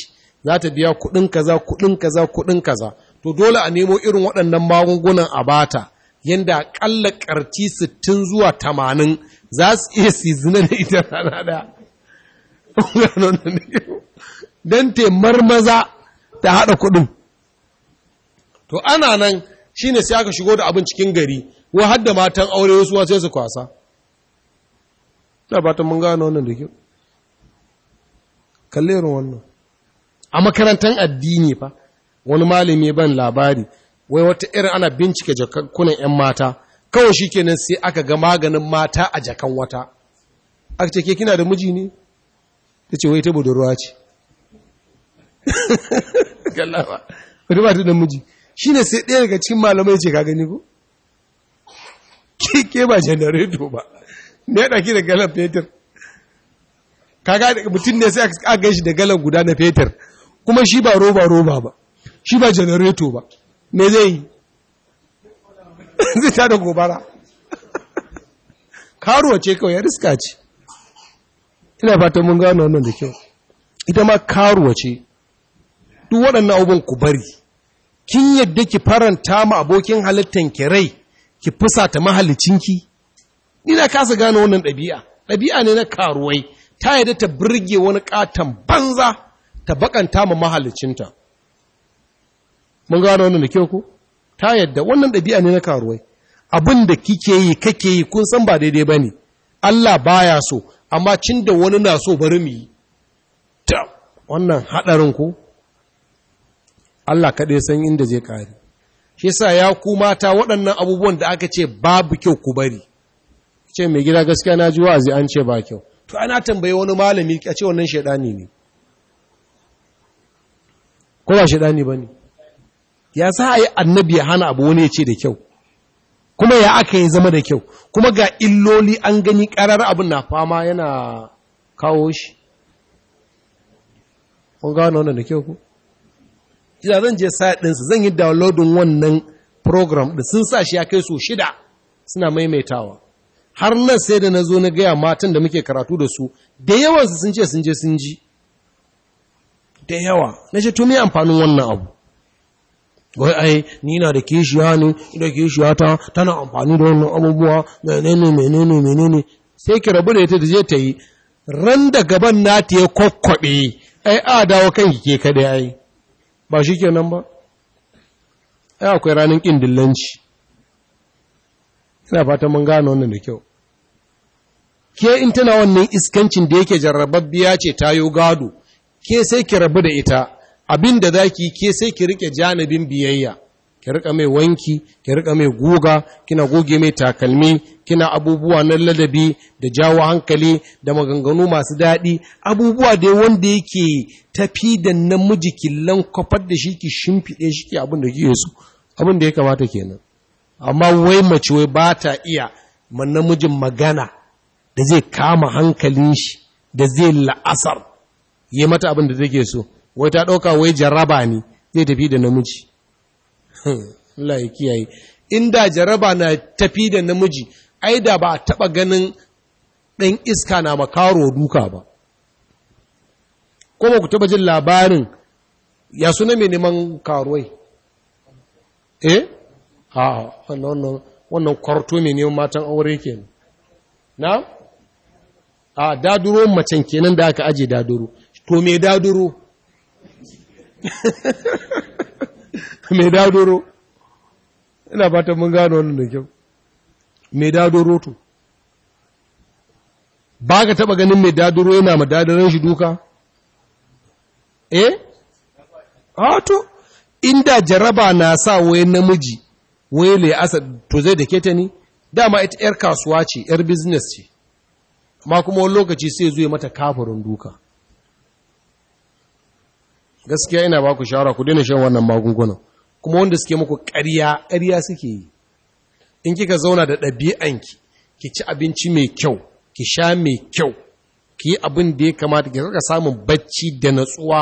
Speaker 1: za ta biya kuɗin kaza kuɗin kaza kuɗin kaza to dole a nemo irin waɗannan magungunan a bata yanda aƙalla ƙarti sittin zuwa tamanin za su iya su zina da ita rana ɗaya don te marmaza ta haɗa kuɗin to ana nan shi ne sai aka shigo da abin cikin gari wa hadda matan aure wasu wasu su kwasa da ba ta mun gano wannan da kyau kalle irin wannan a makarantar addini fa wani malami ban labari wai wata irin ana bincike jakunkunan 'yan mata kawai shi kenan sai aka ga maganin mata a jakan wata aka ce ke kina da miji ne ta ce wai ta budurwa ce gallawa wata ba ta da miji shi ne sai ɗaya daga cikin malamai ce ka gani ko ke ba janareto ba me ya ɗaki da galan fetur kaga mutum ne sai aka gan shi da galan guda na fetur kuma shi ba roba roba ba shi ba janareto ba me zai zai ta da gobara karuwa ce kawai ya riska ce ina fatan mun gano wannan da kyau ita ma karuwa ce duk waɗannan abubuwan ku bari kin yadda ki faranta ma abokin halittan ki rai ki fusata mahalicinki ni na kasa gane wannan ɗabi'a ɗabi'a ne na karuwai ta yadda ta birge wani ƙaton banza ta bakanta ma mahalicinta mun gano wannan da kyau ku ta yadda wannan ɗabi'a ne na karuwai abin da kike yi kake yi kun san ba daidai ba ne Allah baya so amma cin da wani na so bari mu yi ta wannan haɗarin ku Allah kaɗai san inda zai ƙari shi sa ya ku mata waɗannan abubuwan da aka ce babu kyau ku bari ce mai gida gaskiya na ji wa'azi an ce ba kyau to ana tambaye wani malami a ce wannan shaidani ne ko ba ba ne ya sa a yi annabi ya hana abu wani ya ce da kyau kuma ya aka yi zama da kyau kuma ga illoli an gani ƙarar abin na fama yana kawo shi kun gano wannan da kyau ku da zan je site ɗinsu zan yi downloadin wannan program da sun sa shi ya kai so shida suna maimaitawa har nan sai da na zo na gaya matan da muke karatu da su da yawansu sun ce sun je sun ji da yawa na ce tumi amfanin wannan abu wai ai ni na da kishiya ne da kishiya ta tana amfani da wannan abubuwa menene menene menene sai ki rabu da ita da je ta yi ran da gaban ta ya kokkobe ai a dawo kan ki ke kada ai ba shi ke nan ba ai akwai ranar ƙin dillanci ina fatan mun gano wannan da kyau ke in tana wannan iskancin da yake jarrababbiya ce ta yi gado ke sai ki rabu da ita abin da za ki ke sai ki rike janibin biyayya ki rika mai wanki ki rika mai guga kina goge mai takalmi kina abubuwa na ladabi da jawo hankali da maganganu masu daɗi abubuwa dai wanda yake tafi da namiji killan kwafar da shi ki shimfiɗe shi ki abin da kike so abin da ya kamata kenan amma wai mace wai ba ta iya ma namijin magana da zai kama hankalin shi da zai la'asar yi mata abin da take so wai ta ɗauka wai jaraba ne zai tafi da namiji Allah kiyaye in da jaraba na tafi da namiji ai da ba a taɓa ganin ɗan iska na makaro duka ba kuma ku taɓa jin labarin ya suna mai neman karuwai eh a wannan wannan kwarto mai neman matan aure ke na a daduro macen kenan da aka aje daduro to me daduro mai daduro ina fata mun gano wannan da kyau mai dadoro to ba ka taɓa ganin mai dadoro yana ma shi duka eh ah, to inda jaraba na sa wayan namiji waye le asa to zai ke ta ni dama ita yar kasuwa ce yar biznes ce amma kuma wani lokaci sai zuwa mata kafurin duka gaskiya ina ba ku shawara ku daina shan wannan magungunan kuma wanda suke muku ƙarya ƙarya suke yi in kika zauna da ɗabi'anki ki ci abinci mai kyau ki sha mai kyau ki yi abin da ya kamata ki rika samun bacci da natsuwa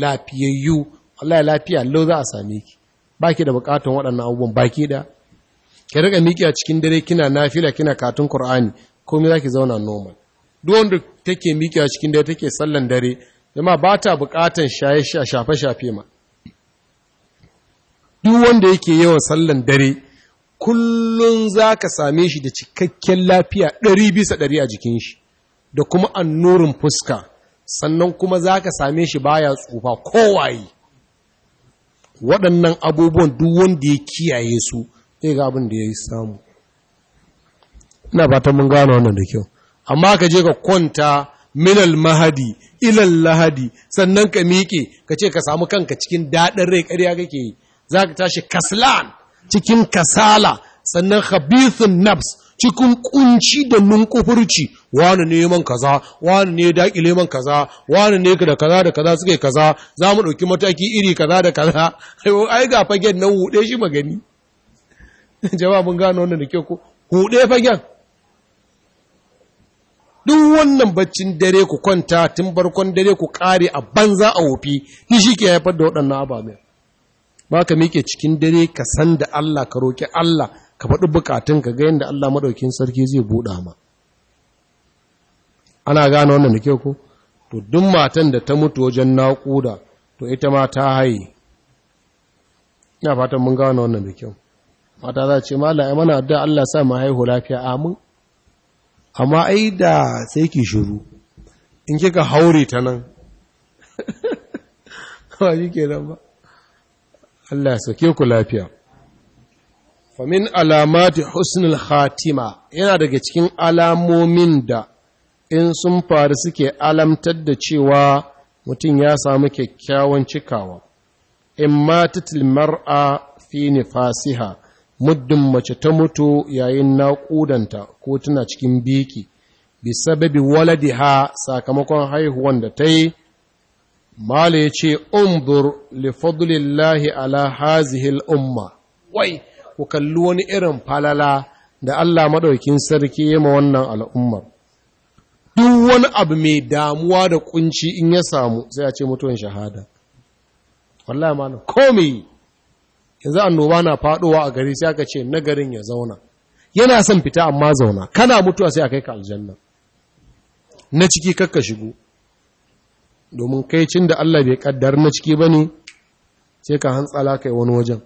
Speaker 1: lafiyayyu ya lafiya lau za a same ki Ba ki da bukatun waɗannan abubuwan ba baki da ki rika miki a cikin dare kina nafila kina katun qur'ani komai zaki zauna normal duk wanda take miki a cikin dare take sallan dare jama'a ba ta bukatan shaye shafe shafe ma duk wanda yake yawan sallan dare Kullum za ka same shi da cikakken lafiya ɗari bisa ɗari a jikin shi da kuma annurin fuska sannan kuma za ka same shi baya tsufa kowaye waɗannan abubuwan duk wanda ya kiyaye su zai ga abin da ya yi samu ina fatan mun gano wannan da kyau amma ka je ka kwanta minal mahadi ilal lahadi sannan ka miƙe ka ce ka samu kanka cikin daɗin rai ƙarya kake yi za ka tashi kaslan cikin kasala sannan khabithun nafs cikin kunci da nunkufurci wani ne man kaza wani ne dakile man kaza wani ne da kaza da kaza suke kaza za mu ɗauki mataki iri kaza da kaza ai ga fagen nan huɗe shi magani jawabin gano wannan da ke ku huɗe fagen duk wannan baccin dare ku kwanta tun barkon dare ku ƙare a banza a wofi ni shi ke haifar da waɗannan ababen ba ka miƙe cikin dare ka san da Allah ka roƙi Allah ka faɗi buƙatun ka ga yadda Allah maɗaukin sarki zai buɗa ma ana gane wannan da kyau ko to duk matan da ta mutu wajen naƙuda to ita ma ta haye ina fatan mun gane wannan da kyau mata za ce mala ai mana da Allah sa mu haihu lafiya amin amma ai da sai ki shiru in kika haure ta nan ba shi kenan ba Allah ya sake ku lafiya famin alamati husnul khatima yana daga cikin alamomin da in sun faru suke alamtar da cewa mutum ya samu kyakkyawan cikawa in matatil mar'a fi nifasiha muddin mace ta mutu yayin naƙudanta ko tana cikin biki bi sababi waladiha sakamakon haihuwan da ta yi mala ya ce umbur li fadlillahi ala hazihil umma wai ku kalli wani irin falala da Allah maɗaukin sarki ya ma wannan al'ummar duk wani abu mai damuwa da kunci in ya samu sai a ce mutuwan shahada Wallah ma komai yanzu annoba na faɗowa a gari sai aka ce nagarin ya zauna yana son fita amma zauna kana mutuwa sai a kai ka aljanna na ciki kakka shigo domin kai cin da Allah bai kaddar na ciki ba ne sai ka hantsala kai wani wajen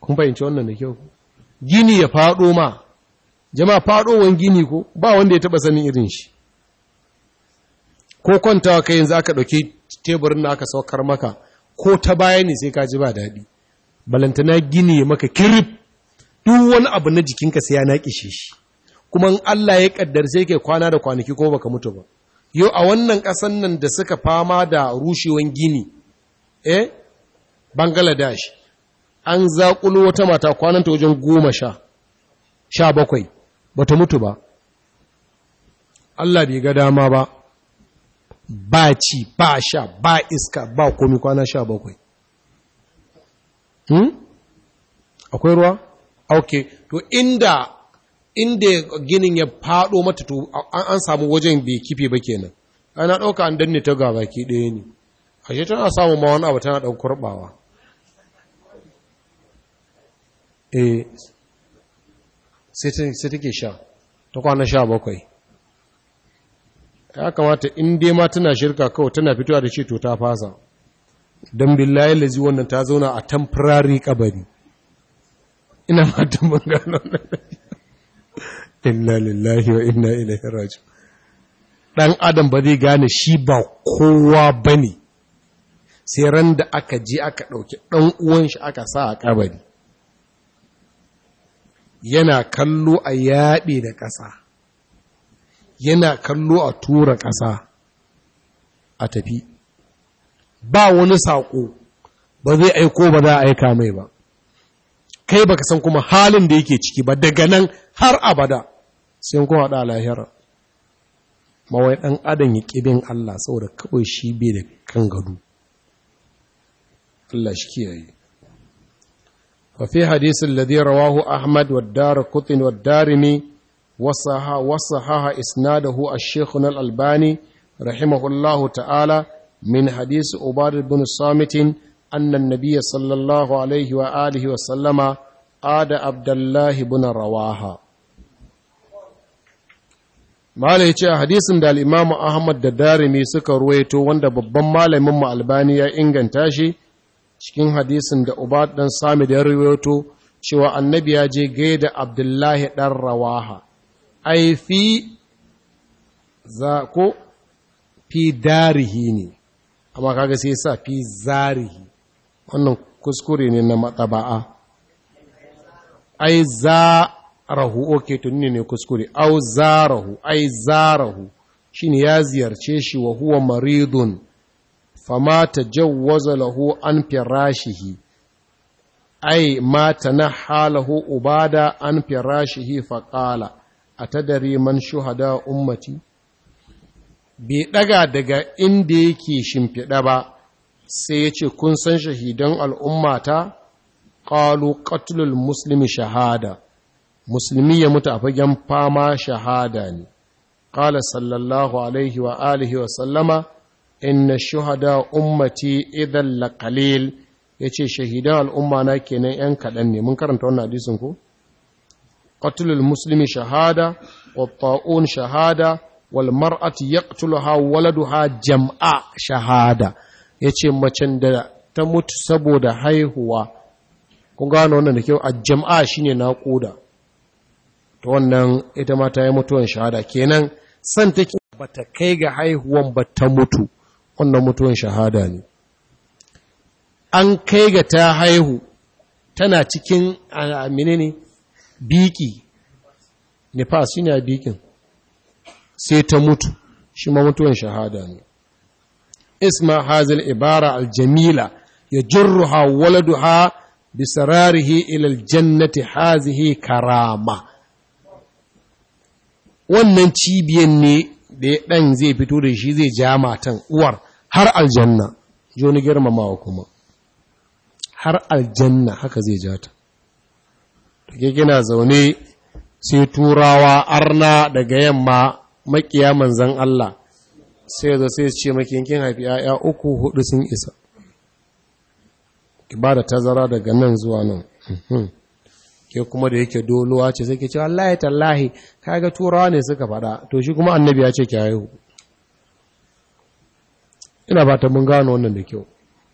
Speaker 1: kun fahimci wannan da kyau gini ya faɗo ma jama'a wani gini ko ba wanda ya taɓa sanin irin shi ko kwantawa kai yanzu aka ɗauki teburin da aka saukar maka ko ta baya ne sai ka ji ba daɗi balantana gini ya maka kirif duk wani abu na jikinka sai ya naƙishe shi kuma in Allah ya ƙaddar sai kai kwana da kwanaki ko baka mutu ba yau a wannan ƙasan nan da suka fama da rushewan gini eh bangladesh an zaƙulo wata mata kwananta wajen goma sha sha bakwai ba ta mutu ba allah bai ga dama ba ba ci ba sha ba iska ba komi kwana sha bakwai hmm? akwai ruwa? ok to inda inda ginin ya fado mata to an samu wajen bai kife ba kenan ana ɗauka an danne ta ga baki ɗaya ne ashe tana samun ma wani abu tana ɗan kurbawa eh sai take sha ta kwana sha bakwai ya kamata in dai ma tana shirka kawai tana fitowa da ce to ta fasa don billahi lazi wannan ta zauna a temporary kabari ina matan bangano inna lillahi wa inna ilaihi raji dan adam ba zai gane shi ba kowa bane sai ran da aka je aka ɗauki ɗan uwan shi aka sa a ƙabari yana kallo a yaɓe da ƙasa yana kallo a tura ƙasa a tafi ba wani saƙo ba zai aiko ba za a aika mai ba kai baka san kuma halin da yake ciki ba daga nan har abada sun kuma da lahira mawai dan adam ya kibin Allah saboda kawai shi bai da kan gado Allah shi ke yi fa fi hadisin ladhi rawahu ahmad wa darqutni wa darimi wasaha wasaha isnadahu a shaykhun al-albani rahimahullahu ta'ala min hadis ubad ibn samitin anna an-nabiy sallallahu alayhi wa alihi wa sallama ada Abdullahi ibn rawaha malai ce a hadisin da al'imamu ahmad da darimi suka ruwaito wanda babban malamin mu albani ya inganta shi cikin hadisin da uba dan sami da ruwaito cewa annabi ya je gaida abdullahi ɗan rawaha ai fi za ko fi darihi ne amma kaga sai sa fi zarihi wannan kuskure ne na matsaba'a ai za rahu oke tunni ne kuskure au zarahu ai zarahu Shin ya ziyarce shi wa huwa maridun fama jawwaza lahu an firashihi ai ma tanaha lahu ubada an firashihi qala atadari man shuhada ummati bai daga daga inda yake shimfiɗa ba sai ya ce kun san shahidan al'ummata ƙalu ƙatulul muslimi shahada musulmi ya mutu a fagen fama shahada ne ƙala sallallahu alaihi wa alihi wa sallama inna shuhada ummati idan la Ya ce shahidan al'umma na kenan yan kaɗan ne mun karanta wannan hadisin ko ƙatulul musulmi shahada wa ta'un shahada wal ha waladu ha jam'a shahada Ya ce macen da ta mutu saboda haihuwa Ku gano wannan da kyau a jam'a shine naƙuda ta wannan ita ma ta yi mutuwan shahada kenan san take ba ta kai ga haihuwan ba ta mutu wannan mutuwan shahada ne an kai ga ta haihu tana cikin amini ne biki nifas shi ne bikin sai ta mutu shi ma mutuwan shahada ne isma hazil ibara aljamila ya jirruha waladuha bisararihi ilal jannati hazihi karama wannan cibiyan ne da ya ɗan zai fito da shi zai ja matan uwar har aljanna joni girmamawa kuma har aljanna haka zai ja ta take gina zaune sai turawa arna daga yamma makiya manzan Allah sai zo sai ce makinkin haifi ya uku hudu sun isa Ba da tazara daga nan zuwa nan mhm. ke kuma da yake dolowa ce sai ke ce wallahi tallahi kaga turawa ne suka fada to shi kuma annabi ya ce ki haihu ina ba ta mun gano wannan da kyau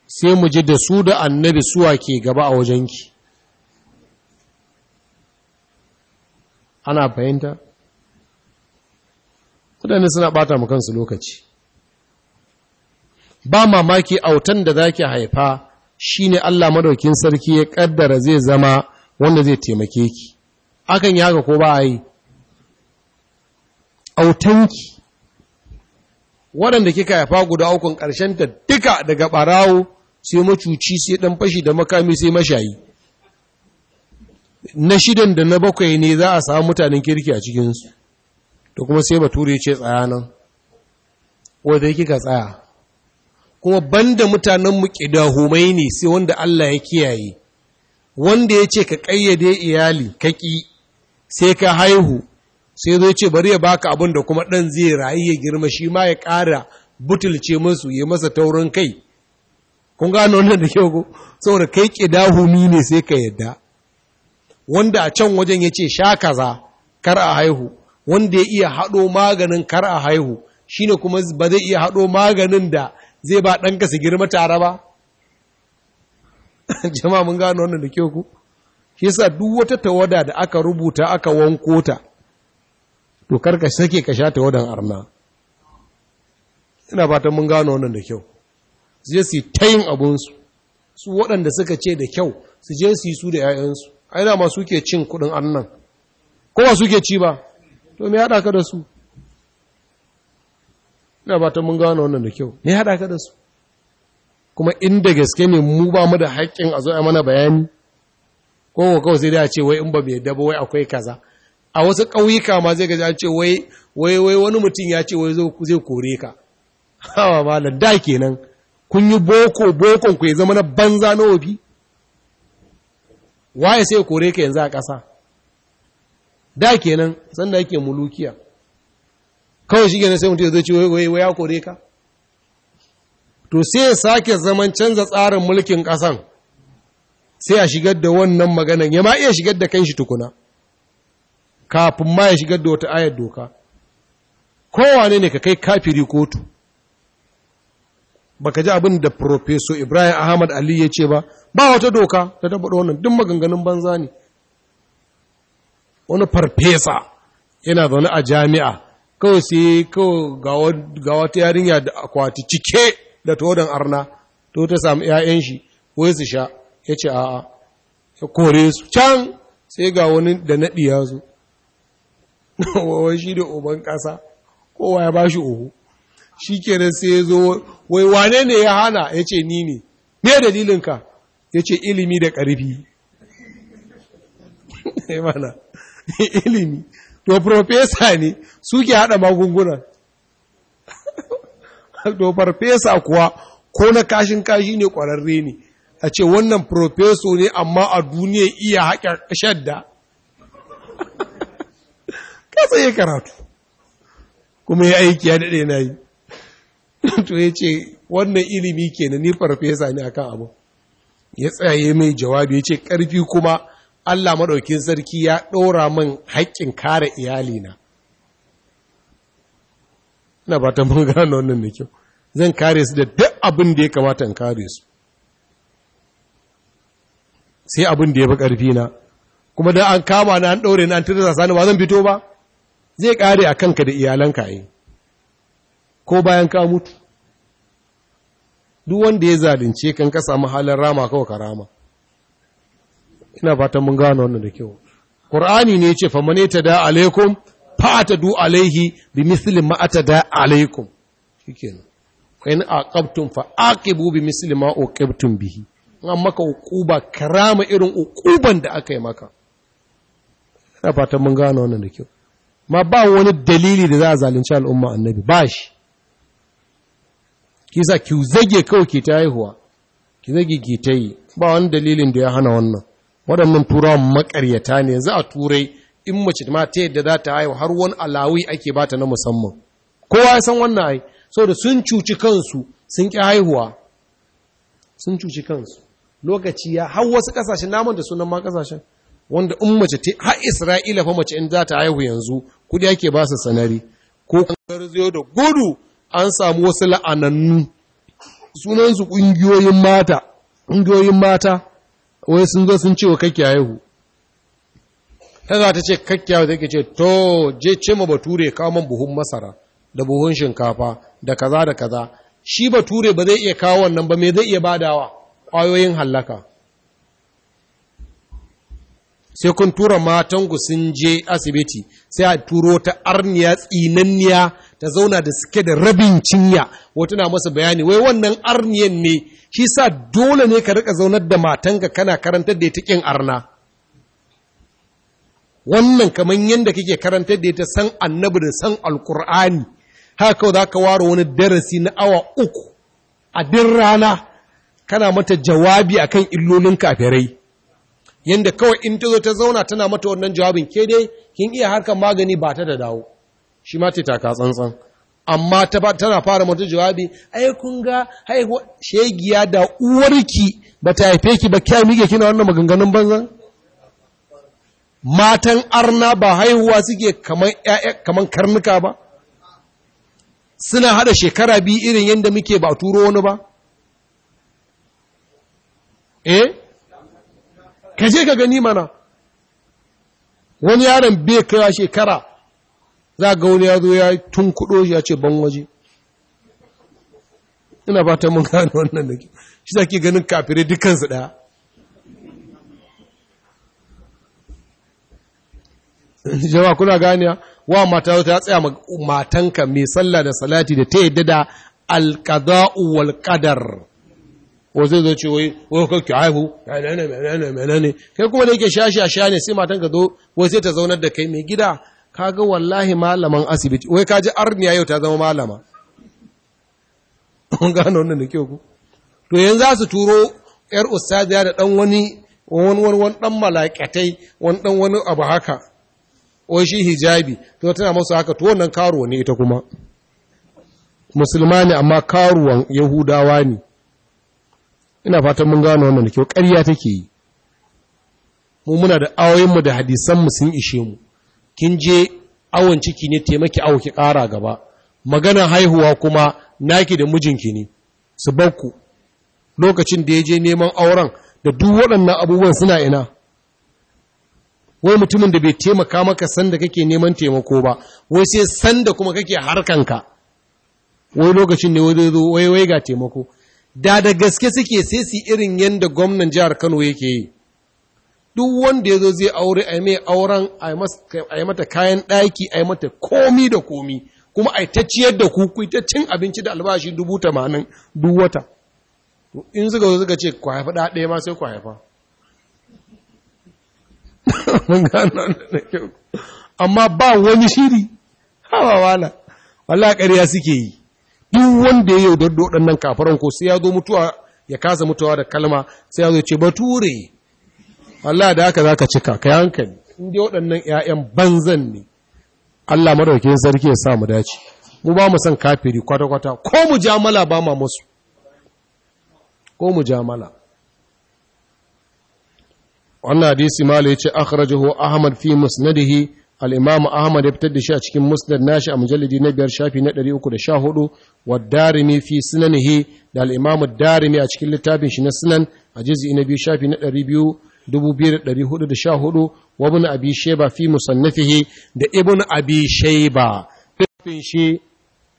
Speaker 1: sai mu ji da su da annabi suwa ke gaba a wajenki ana fahimta mutane suna bata mu kansu lokaci ba mamaki autan da zaki haifa shine Allah madaukin sarki ya kaddara zai zama wanda zai taimake ki akan yaga ko ba yi autanki waɗanda kika haifa guda ukun ƙarshen ta duka daga ɓarawo sai macuci sai ɗan fashi da makami sai mashayi na shidan da na bakwai ne za a samu mutanen kirki a cikinsu da kuma sai bature ce tsaya nan wadda kika tsaya kuma banda mutanen mu ƙidahumai ne sai wanda Allah ya kiyaye wanda ya ce ka ƙayyade iyali ka sai ka haihu sai zo ce bari ya baka abin da kuma ɗan zai rayu ya girma shi ma ya ƙara butulce masu ya masa taurin kai kun gano wannan da kyau ko saboda kai ƙidahumi ne sai ka yadda wanda a can wajen ya ce sha kaza kar a haihu wanda ya iya haɗo maganin kar a haihu shi ne kuma ba zai iya haɗo maganin da zai ba ɗanka su girma tare ba jama'a mun gano wannan da kyau ku shi yasa duk wata tawada da aka rubuta aka wanko ta to karka sake ka sha tawadan arna ina fatan mun gano wannan da kyau su je su ta yin abunsu su waɗanda suka ce da kyau su je su yi su da 'ya'yansu ai ma suke cin kuɗin annan ko ba suke ci ba to me haɗa ka da su ina fatan mun gano wannan da kyau me haɗa ka da su kuma inda gaske ne mu ba mu da haƙƙin a zo a mana bayani ko kawai sai da ce wai in ba mai dabo wai akwai kaza a wasu ƙauyuka ma zai gaji an ce wai wai wai wani mutum ya ce wai zai kore ka hawa malam da kenan kun yi boko bokon ku ya zama na banza na wabi waye sai kore ka yanzu a ƙasa da kenan sanda yake mulukiya kawai shi kenan sai mutum ya zo ce wai wai ya kore ka to sai ya sake zaman canza tsarin mulkin ƙasan sai a shigar da wannan maganan ya ma iya shigar da kanshi tukuna kafin ma ya shigar da wata ayar doka kowane ne ka kai kafiri kotu baka ji abin da Profeso Ibrahim Ahmad Ali ya ce ba ba wata doka ta tabbata wannan duk maganganun banza ne wani farfesa yana zaune a jami'a kawai sai kawai ga wata yarinya da akwati cike da todan arna to ta samu 'ya'yan shi wai su sha ya ce a'a ya kore su can sai ga wani da naɗi ya zo wawan shi da oban ƙasa kowa ya ba shi oho shi kenan sai ya zo wai wane ne ya hana ya ce ni ne me dalilinka ya ce ilimi da ƙarfi ilimi to profesa ne suke haɗa magungunan to farfesa kuwa ko na kashin kashi ne ƙwararre ne a ce wannan profeso ne amma a duniya iya haƙar shadda ka tsaye karatu kuma ya aiki ya daɗe na yi to ya ce wannan ilimi kenan ni farfesa ne akan abu ya tsaye mai jawabi ya ce ƙarfi kuma Allah maɗaukin sarki ya ɗora min haƙƙin kare iyalina ina ba ta mun gano wannan da kyau zan kare su da duk abin da ya kamata in kare su sai abin da ya fi ƙarfi na kuma da an kama na an ɗaure na an tirza sani ba zan fito ba zai ƙare a kanka da iyalanka yi eh. ko bayan ka mutu duk wanda ya zalunce kan ka samu halin rama kawai ka rama ina fatan mun gano wannan da kyau qur'ani ne ya ce famane ta da alaikum du alaihi bi misli ma atada alaikum shikenan fa in aqabtum fa aqibu bi misli ma uqibtum bihi an maka uquba karama irin uquban da aka yi maka ina fatan mun gano wannan da kyau ma ba wani dalili da za a zalunci al'umma annabi ba shi kisa ki zage kawai ki ta haihuwa ki zage ki ta yi ba wani dalilin da ya hana wannan waɗannan turawan makaryata ne yanzu a turai in mace ma ta yadda za ta haihu har wani alawi ake bata na musamman kowa ya san wannan ai saboda sun cuci kansu sun ƙi haihuwa sun cuci kansu lokaci ya har wasu ƙasashen naman da sunan ma ƙasashen wanda in mace ta har Isra'ila fa mace in za ta haihu yanzu kudi ake ba su sanari ko garzayo da gudu an samu wasu la'anannu sunansu ƙungiyoyin mata ƙungiyoyin mata wai sun zo sun ce wa kake haihu ta za ta ce kakkiyawa take ce to je ce ma bature kawo buhun masara da buhun shinkafa da kaza da kaza shi bature ba zai iya kawo wannan ba me zai iya badawa kwayoyin hallaka sai kun tura matanku sun je asibiti sai a turo ta arniya tsinanniya ta zauna da suke da rabin cinya wata na masa bayani wai wannan arniyan ne shi sa dole ne ka rika zaunar da matanka kana karantar da ita kin arna wannan kamar yadda kake karantar da ita san annabi da san alkur'ani haka za ka ware wani darasi na awa uku a din rana kana mata jawabi a kan illolin kafirai yadda kawai in ta zo ta zauna tana mata wannan jawabin ke dai kin iya harkar magani ba ta da dawo shi ma ta taka tsantsan amma tana fara mata jawabi ai kun ga haihuwa shegiya da uwarki ba ta haife ki ba kya mike kina wannan maganganun banzan matan arna ba haihuwa suke kaman karnuka ba suna hada shekara biyu irin yadda muke ba turo wani ba eh ka je ka gani mana wani yaron bai kaiwa shekara za ga wani ya zo ya tun kudo ya ce ban waje ina ba ta mun gane wannan da ke, shi za ke ganin kafirai dukansu ɗaya jama'a kuna gane wa mata ta tsaya matanka mai sallah da salati da ta yadda da alkada'u wal qadar wa zai zo ce wai wai ka ki haihu menene kai kuma da yake shashi a shani sai matan ka zo wai sai ta zaunar da kai mai gida kaga wallahi malaman asibiti wai kaji arniya yau ta zama malama kun gano wannan da kyau ku to yanzu za su turo yar ustadiya da dan wani wani wani dan malakatai wani dan wani abu haka wai shi hijabi to tana masu haka to wannan karuwa ne ita kuma musulma ne amma karuwan yahudawa ne ina fatan mun gano wannan da kyau ƙarya take yi mu muna da awoyinmu da hadisanmu sun ishe mu kin je awon ciki ne taimaki awo ki ƙara gaba magana haihuwa kuma naki da mijinki ne su bakku lokacin da ya je neman auren da duk waɗannan abubuwan suna ina wai mutumin da bai taimaka maka sanda kake neman taimako ba wai sai sanda kuma kake harkanka wai lokacin ne wai wai wai ga taimako da da gaske suke sai su irin yanda gwamnan jihar Kano yake yi duk wanda ya zo zai aure a mai auren a yi mata kayan ɗaki a yi mata komi da komi kuma a ta ciyar da ku ta cin abinci da albashi dubu tamanin duk wata in suka zo suka ce ku haifa ɗaya ma sai ku haifa amma ba wani shiri hawa wala wala ƙarya suke yi duk wanda ya yaudar da waɗannan kafaran ko sai ya zo mutuwa ya kasa mutuwa da kalma sai ya zo ce bature Wala da haka ka cika kai hankali inda waɗannan yayan banzan ne Allah madaukin sarki ya samu dace mu ba mu san kafiri kwata-kwata ko mu jamala ba ma masu ko mu jamala wannan hadisi ce akara akhrajahu ahmad fi musnadihi al-imam ahmad ya fitar da shi a cikin musnad nashi a mujallidi na biyar shafi na 314 wa darimi fi sunanihi da al-imam darimi a cikin littafin shi na sunan a juz'i na biyu shafi na 200 2414 wa ibn abi shayba fi musannafihi da ibn abi shayba littafin shi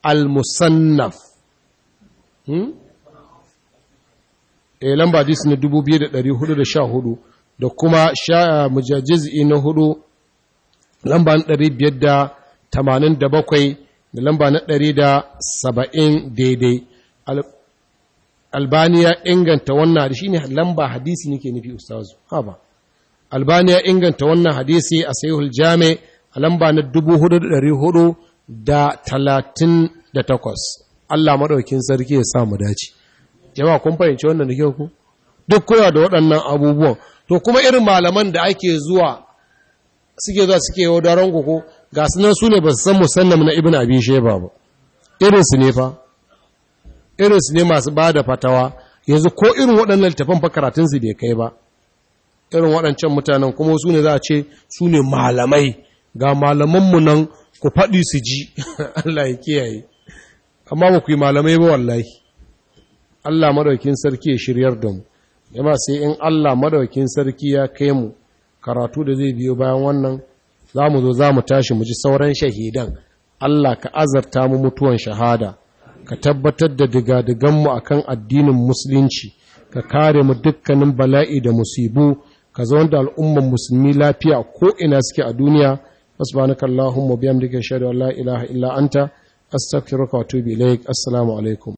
Speaker 1: al-musannaf hmm eh lamba hadisi na 2414 da kuma mujajiz'i na hudu lamba na ɗari biyar da tamanin da bakwai da lamba na ɗari da saba'in daidai albaniya inganta wannan hadisi ne lamba hadisi nike nufi ustazu ha ba albaniya inganta wannan hadisi a sayuhul jami a lamba na dubu hudu da ɗari hudu da talatin da takwas Allah maɗaukin sarki ya samu dace jama'a kun fahimci wannan da kyau ku duk kuna da waɗannan abubuwan to kuma irin malaman da ake zuwa suke zuwa suke yau daren koko ga sunan su ne ba su san musallam na ibn abi sheba ba irinsu ne fa irinsu ne masu ba da fatawa yanzu ko irin waɗannan littafan fa su bai kai ba irin waɗancan mutanen kuma su ne za a ce su ne malamai ga malamanmu nan ku faɗi su ji Allah ya kiyaye amma ba ku yi malamai ba wallahi Allah madaukin sarki ya shiryar da mu yamma sai in Allah madaukin sarki ya kai mu karatu da zai biyo bayan wannan za mu zo za mu tashi mu ji sauran shahidan Allah ka azarta mu mutuwan shahada ka tabbatar da digadiganmu a kan addinin musulunci ka kare mu dukkanin bala'i da musibu ka zaune da al'umman musulmi lafiya ko ina suke a duniya subhanaka bihamdika ashhadu la anta astaghfiruka